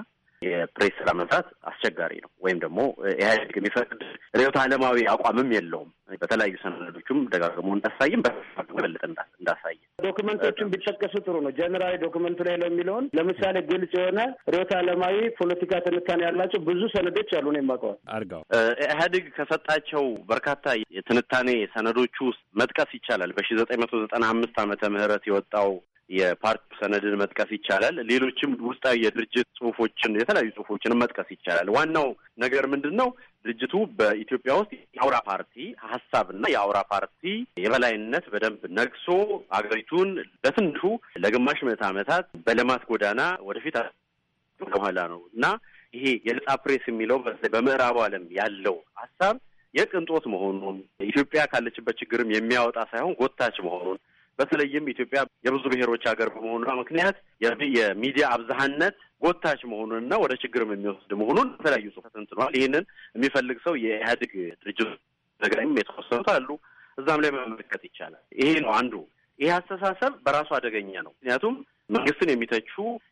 የፕሬስ ስራ መምራት አስቸጋሪ ነው። ወይም ደግሞ ኢህአዴግ የሚፈቅድ ርዕዮተ ዓለማዊ አቋምም የለውም። በተለያዩ ሰነዶቹም ደጋግሞ እንዳሳይም በበለጠ እንዳሳይ ዶክመንቶቹን ቢጠቀሱ ጥሩ ነው። ጀነራዊ ዶክመንቱ ላይ ነው የሚለውን ለምሳሌ ግልጽ የሆነ ርዕዮተ ዓለማዊ ፖለቲካ ትንታኔ ያላቸው ብዙ ሰነዶች አሉ ነው የማውቀዋል። አርጋው ኢህአዴግ ከሰጣቸው በርካታ የትንታኔ ሰነዶቹ ውስጥ መጥቀስ ይቻላል። በሺ ዘጠኝ መቶ ዘጠና አምስት ዓመተ ምህረት የወጣው የፓርቲ ሰነድን መጥቀስ ይቻላል። ሌሎችም ውስጣዊ የድርጅት ጽሁፎችን የተለያዩ ጽሁፎችንም መጥቀስ ይቻላል። ዋናው ነገር ምንድን ነው? ድርጅቱ በኢትዮጵያ ውስጥ የአውራ ፓርቲ ሀሳብና የአውራ ፓርቲ የበላይነት በደንብ ነግሶ አገሪቱን በትንሹ ለግማሽ ምዕተ ዓመታት በልማት ጎዳና ወደፊት በኋላ ነው እና ይሄ የነጻ ፕሬስ የሚለው በምዕራቡ ዓለም ያለው ሀሳብ የቅንጦት መሆኑን ኢትዮጵያ ካለችበት ችግርም የሚያወጣ ሳይሆን ጎታች መሆኑን በተለይም ኢትዮጵያ የብዙ ብሔሮች ሀገር በመሆኗ ምክንያት የሚዲያ አብዛሃነት ጎታች መሆኑንና ወደ ችግርም የሚወስድ መሆኑን በተለያዩ ጽሑፍ ተንትኗል። ይህንን የሚፈልግ ሰው የኢህአዴግ ድርጅት ነገም የተወሰኑት አሉ። እዛም ላይ መመልከት ይቻላል። ይሄ ነው አንዱ። ይሄ አስተሳሰብ በራሱ አደገኛ ነው። ምክንያቱም መንግስትን የሚተቹ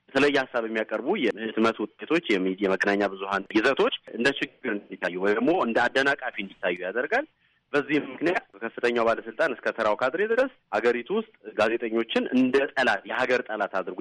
የተለየ ሀሳብ የሚያቀርቡ የህትመት ውጤቶች፣ የመገናኛ ብዙሀን ይዘቶች እንደ ችግር እንዲታዩ ወይ ደግሞ እንደ አደናቃፊ እንዲታዩ ያደርጋል። በዚህ ምክንያት ከከፍተኛው ባለስልጣን እስከ ተራው ካድሬ ድረስ ሀገሪቱ ውስጥ ጋዜጠኞችን እንደ ጠላት የሀገር ጠላት አድርጎ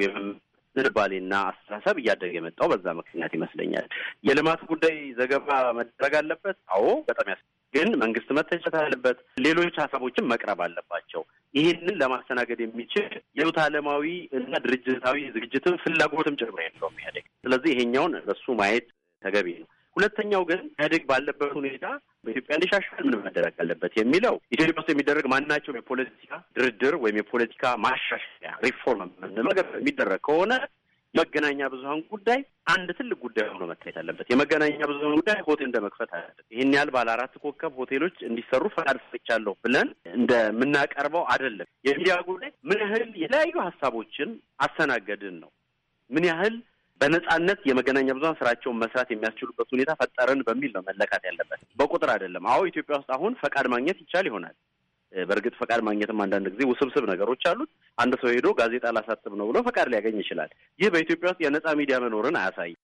ዝንባሌና አስተሳሰብ እያደገ የመጣው በዛ ምክንያት ይመስለኛል። የልማት ጉዳይ ዘገባ መደረግ አለበት። አዎ በጣም ያስ ግን መንግስት መተቸት አለበት። ሌሎች ሀሳቦችም መቅረብ አለባቸው። ይህንን ለማስተናገድ የሚችል የውት አለማዊ እና ድርጅታዊ ዝግጅትም ፍላጎትም ጭምር የለውም ኢህአዴግ። ስለዚህ ይሄኛውን በሱ ማየት ተገቢ ነው። ሁለተኛው ግን ኢህአዴግ ባለበት ሁኔታ በኢትዮጵያ እንዲሻሻል ምን መደረግ አለበት የሚለው ኢትዮጵያ ውስጥ የሚደረግ ማናቸውም የፖለቲካ ድርድር ወይም የፖለቲካ ማሻሻያ ሪፎርም የምንለው የሚደረግ ከሆነ መገናኛ ብዙሀን ጉዳይ አንድ ትልቅ ጉዳይ ሆኖ መታየት አለበት። የመገናኛ ብዙሀን ጉዳይ ሆቴል እንደ መክፈት አለበት። ይህን ያህል ባለ አራት ኮከብ ሆቴሎች እንዲሰሩ ፈቃድ ሰጥቻለሁ ብለን እንደምናቀርበው አይደለም። የሚዲያ ጉዳይ ምን ያህል የተለያዩ ሀሳቦችን አስተናገድን ነው። ምን ያህል በነጻነት የመገናኛ ብዙሀን ስራቸውን መስራት የሚያስችሉበት ሁኔታ ፈጠርን በሚል ነው መለካት ያለበት፣ በቁጥር አይደለም። አዎ ኢትዮጵያ ውስጥ አሁን ፈቃድ ማግኘት ይቻል ይሆናል። በእርግጥ ፈቃድ ማግኘትም አንዳንድ ጊዜ ውስብስብ ነገሮች አሉት። አንድ ሰው ሄዶ ጋዜጣ ላሳትም ነው ብሎ ፈቃድ ሊያገኝ ይችላል። ይህ በኢትዮጵያ ውስጥ የነጻ ሚዲያ መኖርን አያሳይም።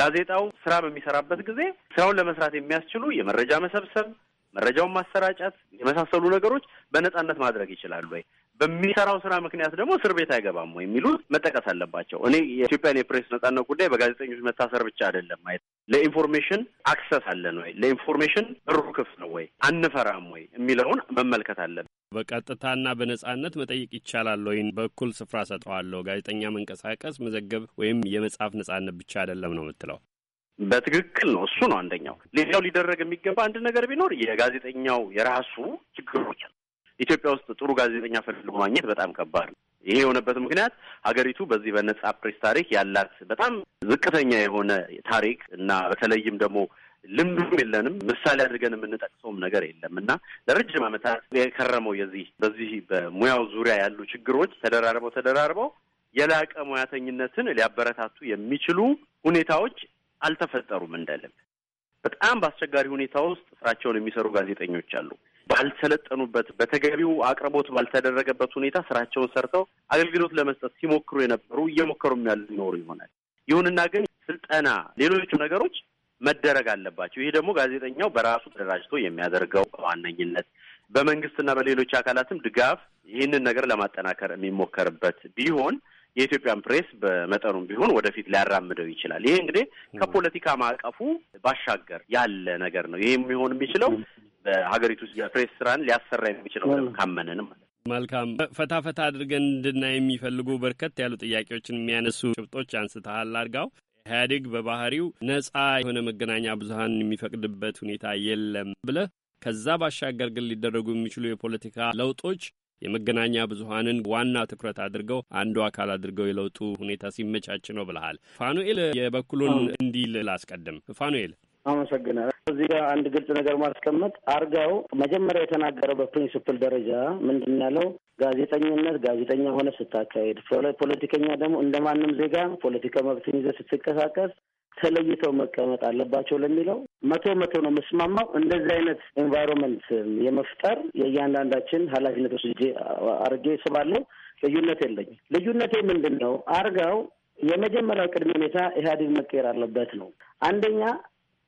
ጋዜጣው ስራ በሚሰራበት ጊዜ ስራውን ለመስራት የሚያስችሉ የመረጃ መሰብሰብ መረጃውን ማሰራጨት የመሳሰሉ ነገሮች በነጻነት ማድረግ ይችላሉ ወይ? በሚሰራው ስራ ምክንያት ደግሞ እስር ቤት አይገባም ወይ የሚሉት መጠቀስ አለባቸው። እኔ የኢትዮጵያን የፕሬስ ነጻነት ጉዳይ በጋዜጠኞች መታሰር ብቻ አይደለም ማየት። ለኢንፎርሜሽን አክሰስ አለን ወይ? ለኢንፎርሜሽን በሩ ክፍት ነው ወይ? አንፈራም ወይ? የሚለውን መመልከት አለን። በቀጥታና በነጻነት መጠየቅ ይቻላል ወይም በኩል ስፍራ ሰጠዋለሁ። ጋዜጠኛ መንቀሳቀስ፣ መዘገብ ወይም የመጽሐፍ ነጻነት ብቻ አይደለም ነው የምትለው። በትክክል ነው። እሱ ነው አንደኛው። ሌላው ሊደረግ የሚገባ አንድ ነገር ቢኖር የጋዜጠኛው የራሱ ችግሮች ኢትዮጵያ ውስጥ ጥሩ ጋዜጠኛ ፈልጎ ማግኘት በጣም ከባድ ነው። ይሄ የሆነበት ምክንያት ሀገሪቱ በዚህ በነጻ ፕሬስ ታሪክ ያላት በጣም ዝቅተኛ የሆነ ታሪክ እና በተለይም ደግሞ ልምዱም የለንም። ምሳሌ አድርገን የምንጠቅሰውም ነገር የለም እና ለረጅም ዓመታት የከረመው የዚህ በዚህ በሙያው ዙሪያ ያሉ ችግሮች ተደራርበው ተደራርበው የላቀ ሙያተኝነትን ሊያበረታቱ የሚችሉ ሁኔታዎች አልተፈጠሩም እንደልብ። በጣም በአስቸጋሪ ሁኔታ ውስጥ ስራቸውን የሚሰሩ ጋዜጠኞች አሉ። ባልሰለጠኑበት፣ በተገቢው አቅርቦት ባልተደረገበት ሁኔታ ስራቸውን ሰርተው አገልግሎት ለመስጠት ሲሞክሩ የነበሩ እየሞከሩም ያሉ ሊኖሩ ይሆናል። ይሁንና ግን ስልጠና፣ ሌሎቹ ነገሮች መደረግ አለባቸው። ይሄ ደግሞ ጋዜጠኛው በራሱ ተደራጅቶ የሚያደርገው በዋነኝነት በመንግስትና በሌሎች አካላትም ድጋፍ ይህንን ነገር ለማጠናከር የሚሞከርበት ቢሆን የኢትዮጵያን ፕሬስ በመጠኑም ቢሆን ወደፊት ሊያራምደው ይችላል። ይሄ እንግዲህ ከፖለቲካ ማዕቀፉ ባሻገር ያለ ነገር ነው። ይሄ የሚሆን የሚችለው በሀገሪቱ ውስጥ የፕሬስ ስራን ሊያሰራ የሚችለው ካመንን ማለት መልካም ፈታ ፈታ አድርገን እንድናይ የሚፈልጉ በርከት ያሉ ጥያቄዎችን የሚያነሱ ጭብጦች አንስተሃል አድርጋው ኢህአዴግ በባህሪው ነጻ የሆነ መገናኛ ብዙሀን የሚፈቅድበት ሁኔታ የለም ብለህ ከዛ ባሻገር ግን ሊደረጉ የሚችሉ የፖለቲካ ለውጦች የመገናኛ ብዙሀንን ዋና ትኩረት አድርገው አንዱ አካል አድርገው የለውጡ ሁኔታ ሲመቻች ነው ብለሃል። ፋኑኤል የበኩሉን እንዲል ላስቀድም። ፋኑኤል አመሰግናል። እዚህ ጋር አንድ ግልጽ ነገር ማስቀመጥ አርጋው መጀመሪያ የተናገረው በፕሪንስፕል ደረጃ ምንድን ያለው ጋዜጠኝነት ጋዜጠኛ ሆነ ስታካሄድ፣ ፖለቲከኛ ደግሞ እንደ ማንም ዜጋ ፖለቲካ መብትን ይዘ ስትንቀሳቀስ ተለይተው መቀመጥ አለባቸው ለሚለው መቶ መቶ ነው የምስማማው። እንደዚህ አይነት ኤንቫይሮንመንት የመፍጠር የእያንዳንዳችን ኃላፊነት ወስጄ አርጌ ስባለው ልዩነት የለኝም። ልዩነቴ ምንድን ነው? አርጋው የመጀመሪያው ቅድመ ሁኔታ ኢህአዴግ መቀየር አለበት ነው። አንደኛ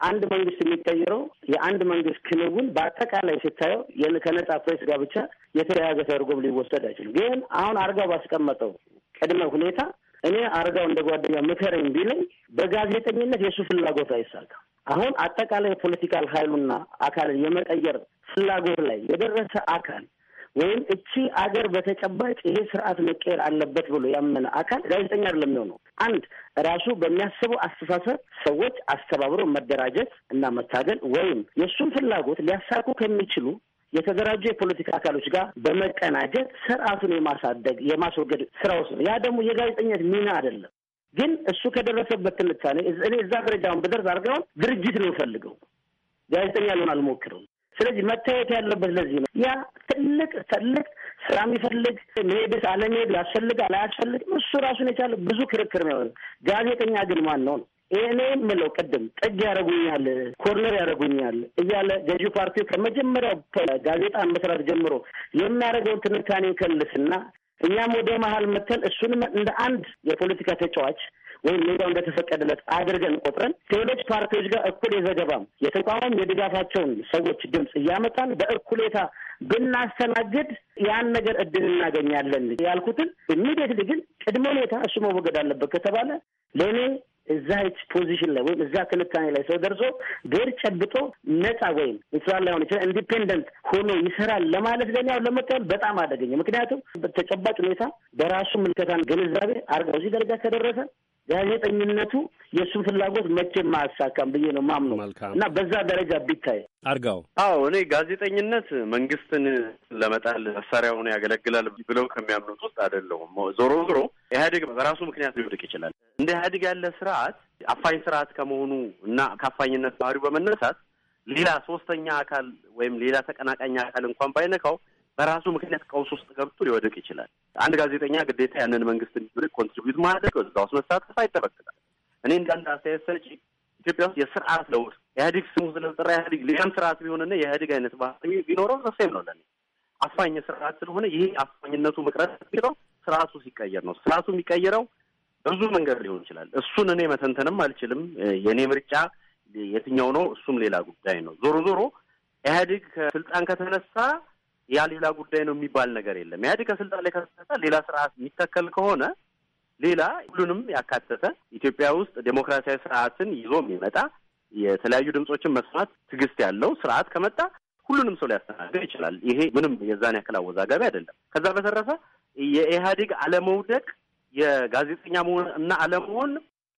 አንድ መንግስት የሚቀይረው የአንድ መንግስት ክንውን በአጠቃላይ ስታየው ከነጻ ፕሬስ ጋር ብቻ የተያያዘ ተደርጎም ሊወሰድ አይችልም። ግን አሁን አርጋው ባስቀመጠው ቅድመ ሁኔታ እኔ አርጋው እንደ ጓደኛ ምከረኝ ቢለኝ በጋዜጠኝነት የእሱ ፍላጎት አይሳካ። አሁን አጠቃላይ የፖለቲካል ሀይሉና አካልን የመቀየር ፍላጎት ላይ የደረሰ አካል ወይም እቺ አገር በተጨባጭ ይሄ ስርዓት መቀየር አለበት ብሎ ያመነ አካል ጋዜጠኛ አይደለም የሚሆነው። አንድ ራሱ በሚያስበው አስተሳሰብ ሰዎች አስተባብሮ መደራጀት እና መታገል ወይም የእሱን ፍላጎት ሊያሳኩ ከሚችሉ የተደራጁ የፖለቲካ አካሎች ጋር በመቀናጀት ስርዓቱን የማሳደግ የማስወገድ ስራ ውስጥ ነው። ያ ደግሞ የጋዜጠኛት ሚና አይደለም። ግን እሱ ከደረሰበት ትንታኔ እኔ እዛ ደረጃውን ብደርስ አድርገውን ድርጅት ነው የምፈልገው። ጋዜጠኛ ልሆን አልሞክርም። ስለዚህ መታየት ያለበት ለዚህ ነው። ያ ትልቅ ትልቅ ስራ የሚፈልግ መሄድስ አለመሄድ ያስፈልግ አያስፈልግም፣ እሱ ራሱን የቻለ ብዙ ክርክር ነው። ጋዜጠኛ ግን ማን ነው ነው እኔ የምለው ቅድም ጥግ ያደረጉኛል፣ ኮርነር ያደረጉኛል እያለ ገዢ ፓርቲው ከመጀመሪያው ጋዜጣ መስራት ጀምሮ የሚያደርገውን ትንታኔ ከልስና እኛም ወደ መሀል መተን እሱንም እንደ አንድ የፖለቲካ ተጫዋች ወይም ሜዳው እንደተፈቀደለት አድርገን ቆጥረን ከሌሎች ፓርቲዎች ጋር እኩል የዘገባም የተቋቋም የድጋፋቸውን ሰዎች ድምፅ እያመጣን በእኩሌታ ብናስተናግድ ያን ነገር እድል እናገኛለን ያልኩትን ኢሚዲየትሊ ግን ቅድመ ሁኔታ እሱ መወገድ አለበት ከተባለ ለእኔ እዛች ፖዚሽን ላይ ወይም እዛ ትንታኔ ላይ ሰው ደርሶ ብር ጨብጦ ነፃ ወይም ኢስራኤል ላይሆን ይችላል ኢንዲፔንደንት ሆኖ ይሰራል ለማለት ለእኔ አሁን ለመቀበል በጣም አደገኘ። ምክንያቱም ተጨባጭ ሁኔታ በራሱ ምልከታን ግንዛቤ አድርገው እዚህ ደረጃ ከደረሰ ጋዜጠኝነቱ የእሱን ፍላጎት መቼም አያሳካም ብዬ ነው ማምኖ እና በዛ ደረጃ ቢታይ አርጋው። አዎ እኔ ጋዜጠኝነት መንግስትን ለመጣል መሳሪያውን ያገለግላል ብለው ከሚያምኑት ውስጥ አይደለሁም። ዞሮ ዞሮ ኢህአዴግ በራሱ ምክንያት ሊወድቅ ይችላል። እንደ ኢህአዴግ ያለ ስርዓት አፋኝ ስርዓት ከመሆኑ እና ከአፋኝነት ባህሪው በመነሳት ሌላ ሶስተኛ አካል ወይም ሌላ ተቀናቃኝ አካል እንኳን ባይነካው በራሱ ምክንያት ቀውስ ውስጥ ገብቶ ሊወድቅ ይችላል። አንድ ጋዜጠኛ ግዴታ ያንን መንግስት እንዲወድቅ ኮንትሪቢዩት ማድረግ እዛ ውስጥ መሳተፍ አይጠበቅታል። እኔ እንዳንድ አስተያየት ሰጪ ኢትዮጵያ ውስጥ የስርዓት ለውጥ ኢህአዲግ ስሙ ስለተጠራ ኢህአዲግ ሌላም ስርዓት ቢሆንና የኢህአዲግ አይነት ባህሪ ቢኖረው ዘሴም ነው ለኔ አፋኝ ስርዓት ስለሆነ ይህ አፋኝነቱ መቅረት ቢለው ስርዓቱ ሲቀየር ነው። ስርዓቱ የሚቀየረው ብዙ መንገድ ሊሆን ይችላል። እሱን እኔ መተንተንም አልችልም። የእኔ ምርጫ የትኛው ነው እሱም ሌላ ጉዳይ ነው። ዞሮ ዞሮ ኢህአዲግ ከስልጣን ከተነሳ ያ ሌላ ጉዳይ ነው የሚባል ነገር የለም። ኢህአዴግ ከስልጣን ላይ ከተሰጠ ሌላ ስርዓት የሚተከል ከሆነ ሌላ ሁሉንም ያካተተ ኢትዮጵያ ውስጥ ዴሞክራሲያዊ ስርዓትን ይዞ የሚመጣ የተለያዩ ድምጾችን መስማት ትዕግስት ያለው ስርዓት ከመጣ ሁሉንም ሰው ሊያስተናግድ ይችላል። ይሄ ምንም የዛን ያክል አወዛጋቢ አይደለም። ከዛ በተረፈ የኢህአዴግ አለመውደቅ የጋዜጠኛ መሆን እና አለመሆን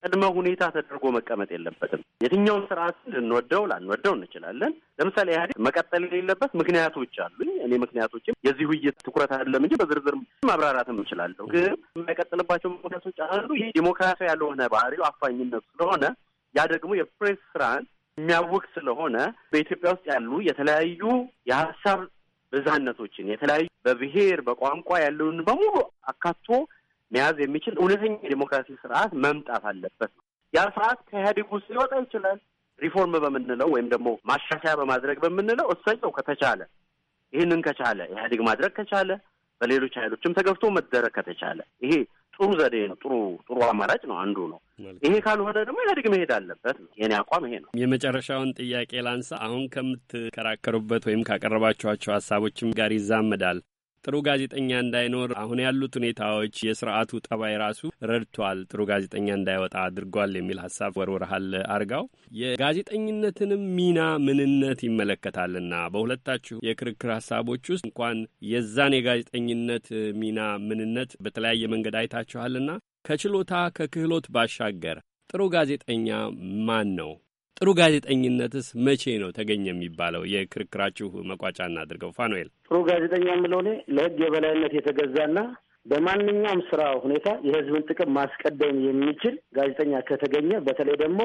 ቅድመ ሁኔታ ተደርጎ መቀመጥ የለበትም። የትኛውን ስርዓት ልንወደው ላንወደው እንችላለን። ለምሳሌ ኢህአዴግ መቀጠል የሌለበት ምክንያቶች አሉኝ። እኔ ምክንያቶችም የዚህ ውይይት ትኩረት አይደለም እንጂ በዝርዝር ማብራራትም እችላለሁ። ግን የማይቀጥልባቸው ምክንያቶች አሉ። ይህ ዲሞክራሲ ያልሆነ ባህሪው አፋኝነት ስለሆነ ያ ደግሞ የፕሬስ ስራን የሚያውቅ ስለሆነ በኢትዮጵያ ውስጥ ያሉ የተለያዩ የሀሳብ ብዝሃነቶችን የተለያዩ በብሔር በቋንቋ ያለውን በሙሉ አካቶ መያዝ የሚችል እውነተኛ የዲሞክራሲ ስርዓት መምጣት አለበት። ያ ስርዓት ከኢህአዴግ ውስጥ ሊወጣ ይችላል። ሪፎርም በምንለው ወይም ደግሞ ማሻሻያ በማድረግ በምንለው እሰየው ከተቻለ ይህንን ከቻለ ኢህአዴግ ማድረግ ከቻለ በሌሎች ኃይሎችም ተገብቶ መደረግ ከተቻለ ይሄ ጥሩ ዘዴ ነው። ጥሩ ጥሩ አማራጭ ነው። አንዱ ነው። ይሄ ካልሆነ ደግሞ ኢህአዴግ መሄድ አለበት ነው የኔ አቋም ይሄ ነው። የመጨረሻውን ጥያቄ ላንሳ። አሁን ከምትከራከሩበት ወይም ካቀረባችኋቸው ሀሳቦችም ጋር ይዛመዳል። ጥሩ ጋዜጠኛ እንዳይኖር አሁን ያሉት ሁኔታዎች የስርዓቱ ጠባይ ራሱ ረድቷል፣ ጥሩ ጋዜጠኛ እንዳይወጣ አድርጓል የሚል ሀሳብ ወርወርሃል አርጋው። የጋዜጠኝነትንም ሚና ምንነት ይመለከታልና በሁለታችሁ የክርክር ሀሳቦች ውስጥ እንኳን የዛን የጋዜጠኝነት ሚና ምንነት በተለያየ መንገድ አይታችኋልና ከችሎታ ከክህሎት ባሻገር ጥሩ ጋዜጠኛ ማን ነው? ጥሩ ጋዜጠኝነትስ መቼ ነው ተገኘ የሚባለው? የክርክራችሁ መቋጫ እናድርገው። ፋኑኤል፣ ጥሩ ጋዜጠኛ የምለው እኔ ለህግ የበላይነት የተገዛና በማንኛውም ስራ ሁኔታ የህዝብን ጥቅም ማስቀደም የሚችል ጋዜጠኛ ከተገኘ፣ በተለይ ደግሞ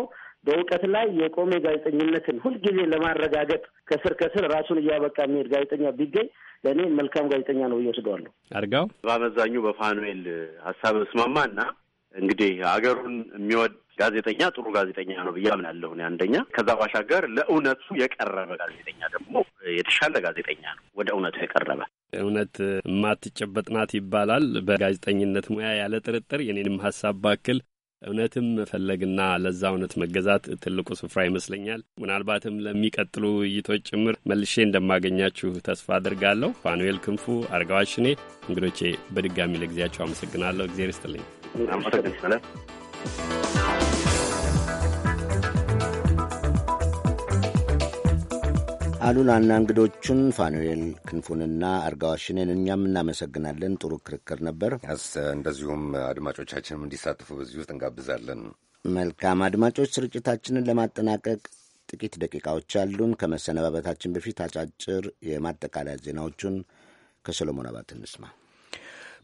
በእውቀት ላይ የቆመ ጋዜጠኝነትን ሁልጊዜ ለማረጋገጥ ከስር ከስር ራሱን እያበቃ የሚሄድ ጋዜጠኛ ቢገኝ ለእኔ መልካም ጋዜጠኛ ነው ብዬ ወስደዋለሁ። አርጋው፣ በአመዛኙ በፋኑኤል ሀሳብ እስማማና እንግዲህ አገሩን የሚወድ ጋዜጠኛ ጥሩ ጋዜጠኛ ነው ብዬ አምናለሁ። አንደኛ ከዛ ባሻገር ለእውነቱ የቀረበ ጋዜጠኛ ደግሞ የተሻለ ጋዜጠኛ ነው። ወደ እውነቱ የቀረበ እውነት የማትጨበጥ ናት ይባላል በጋዜጠኝነት ሙያ ያለ ጥርጥር። የኔንም ሀሳብ ባክል እውነትም መፈለግና ለዛ እውነት መገዛት ትልቁ ስፍራ ይመስለኛል። ምናልባትም ለሚቀጥሉ ውይይቶች ጭምር መልሼ እንደማገኛችሁ ተስፋ አድርጋለሁ። ፋኑኤል ክንፉ፣ አርጋዋሽኔ እንግዶቼ በድጋሚ ለጊዜያቸው አመሰግናለሁ። እግዜር ይስጥልኝ። አመሰግናለሁ። አሉላና እንግዶቹን ፋኑኤል ክንፉንና አርጋዋሽኔን እኛም እናመሰግናለን። ጥሩ ክርክር ነበር። እንደዚሁም አድማጮቻችንም እንዲሳተፉ በዚህ ውስጥ እንጋብዛለን። መልካም አድማጮች፣ ስርጭታችንን ለማጠናቀቅ ጥቂት ደቂቃዎች አሉን። ከመሰነባበታችን በፊት አጫጭር የማጠቃለያ ዜናዎቹን ከሰሎሞን አባት እንስማ።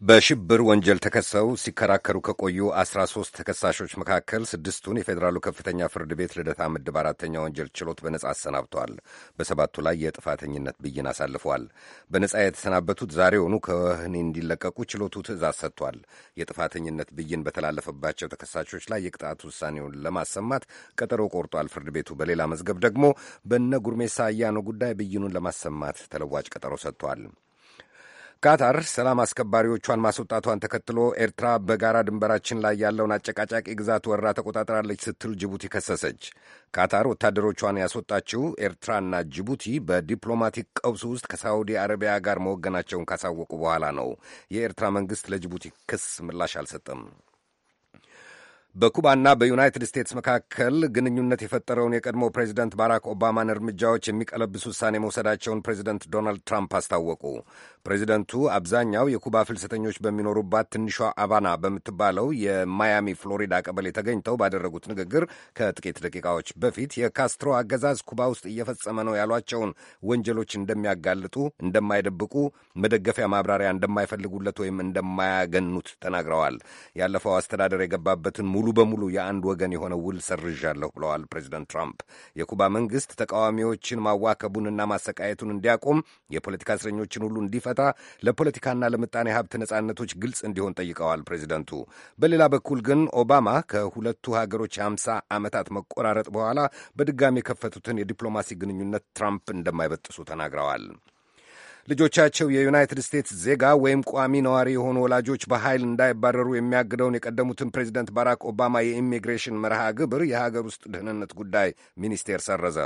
በሽብር ወንጀል ተከሰው ሲከራከሩ ከቆዩ 13 ተከሳሾች መካከል ስድስቱን የፌዴራሉ ከፍተኛ ፍርድ ቤት ልደታ ምድብ አራተኛ ወንጀል ችሎት በነጻ አሰናብተዋል። በሰባቱ ላይ የጥፋተኝነት ብይን አሳልፈዋል። በነጻ የተሰናበቱት ዛሬውኑ ከወህኒ እንዲለቀቁ ችሎቱ ትዕዛዝ ሰጥቷል። የጥፋተኝነት ብይን በተላለፈባቸው ተከሳሾች ላይ የቅጣት ውሳኔውን ለማሰማት ቀጠሮ ቆርጧል። ፍርድ ቤቱ በሌላ መዝገብ ደግሞ በነ ጉርሜሳ አያኖ ጉዳይ ብይኑን ለማሰማት ተለዋጭ ቀጠሮ ሰጥቷል። ቃታር ሰላም አስከባሪዎቿን ማስወጣቷን ተከትሎ ኤርትራ በጋራ ድንበራችን ላይ ያለውን አጨቃጫቂ ግዛት ወራ ተቆጣጥራለች ስትል ጅቡቲ ከሰሰች። ቃታር ወታደሮቿን ያስወጣችው ኤርትራና ጅቡቲ በዲፕሎማቲክ ቀውስ ውስጥ ከሳዑዲ አረቢያ ጋር መወገናቸውን ካሳወቁ በኋላ ነው። የኤርትራ መንግሥት ለጅቡቲ ክስ ምላሽ አልሰጠም። በኩባና በዩናይትድ ስቴትስ መካከል ግንኙነት የፈጠረውን የቀድሞ ፕሬዚደንት ባራክ ኦባማን እርምጃዎች የሚቀለብስ ውሳኔ መውሰዳቸውን ፕሬዚደንት ዶናልድ ትራምፕ አስታወቁ። ፕሬዚደንቱ አብዛኛው የኩባ ፍልሰተኞች በሚኖሩባት ትንሿ አባና በምትባለው የማያሚ ፍሎሪዳ ቀበሌ ተገኝተው ባደረጉት ንግግር ከጥቂት ደቂቃዎች በፊት የካስትሮ አገዛዝ ኩባ ውስጥ እየፈጸመ ነው ያሏቸውን ወንጀሎች እንደሚያጋልጡ፣ እንደማይደብቁ፣ መደገፊያ ማብራሪያ እንደማይፈልጉለት ወይም እንደማያገኑት ተናግረዋል። ያለፈው አስተዳደር የገባበትን ሙሉ ሙሉ በሙሉ የአንድ ወገን የሆነ ውል ሰርዣለሁ ብለዋል ፕሬዚደንት ትራምፕ። የኩባ መንግሥት ተቃዋሚዎችን ማዋከቡንና ማሰቃየቱን እንዲያቆም፣ የፖለቲካ እስረኞችን ሁሉ እንዲፈታ፣ ለፖለቲካና ለምጣኔ ሀብት ነጻነቶች ግልጽ እንዲሆን ጠይቀዋል ፕሬዚደንቱ። በሌላ በኩል ግን ኦባማ ከሁለቱ ሀገሮች አምሳ ዓመታት መቆራረጥ በኋላ በድጋሚ የከፈቱትን የዲፕሎማሲ ግንኙነት ትራምፕ እንደማይበጥሱ ተናግረዋል። ልጆቻቸው የዩናይትድ ስቴትስ ዜጋ ወይም ቋሚ ነዋሪ የሆኑ ወላጆች በኃይል እንዳይባረሩ የሚያግደውን የቀደሙትን ፕሬዚደንት ባራክ ኦባማ የኢሚግሬሽን መርሃ ግብር የሀገር ውስጥ ደህንነት ጉዳይ ሚኒስቴር ሰረዘ።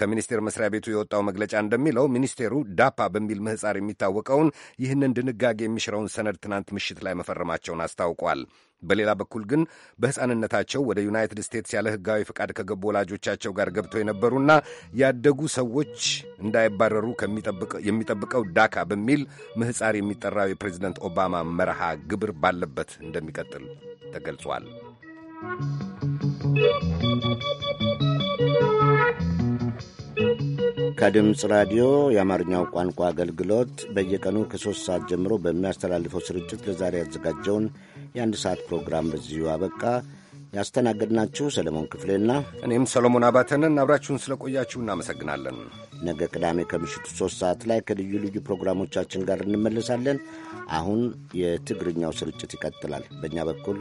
ከሚኒስቴር መስሪያ ቤቱ የወጣው መግለጫ እንደሚለው ሚኒስቴሩ ዳፓ በሚል ምህጻር የሚታወቀውን ይህንን ድንጋጌ የሚሽረውን ሰነድ ትናንት ምሽት ላይ መፈረማቸውን አስታውቋል። በሌላ በኩል ግን በሕፃንነታቸው ወደ ዩናይትድ ስቴትስ ያለ ሕጋዊ ፍቃድ ከገቡ ወላጆቻቸው ጋር ገብተው የነበሩና ያደጉ ሰዎች እንዳይባረሩ የሚጠብቀው ዳካ በሚል ምህፃር የሚጠራው የፕሬዚደንት ኦባማ መርሃ ግብር ባለበት እንደሚቀጥል ተገልጿል። ከድምፅ ራዲዮ የአማርኛው ቋንቋ አገልግሎት በየቀኑ ከሦስት ሰዓት ጀምሮ በሚያስተላልፈው ስርጭት ለዛሬ ያዘጋጀውን የአንድ ሰዓት ፕሮግራም በዚሁ አበቃ። ያስተናገድናችሁ ሰለሞን ክፍሌና እኔም ሰሎሞን አባተንን አብራችሁን ስለቆያችሁ እናመሰግናለን። ነገ ቅዳሜ ከምሽቱ ሦስት ሰዓት ላይ ከልዩ ልዩ ፕሮግራሞቻችን ጋር እንመለሳለን። አሁን የትግርኛው ስርጭት ይቀጥላል። በእኛ በኩል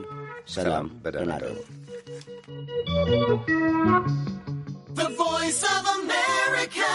ሰላም፣ ደህና እደሩ። The voice of America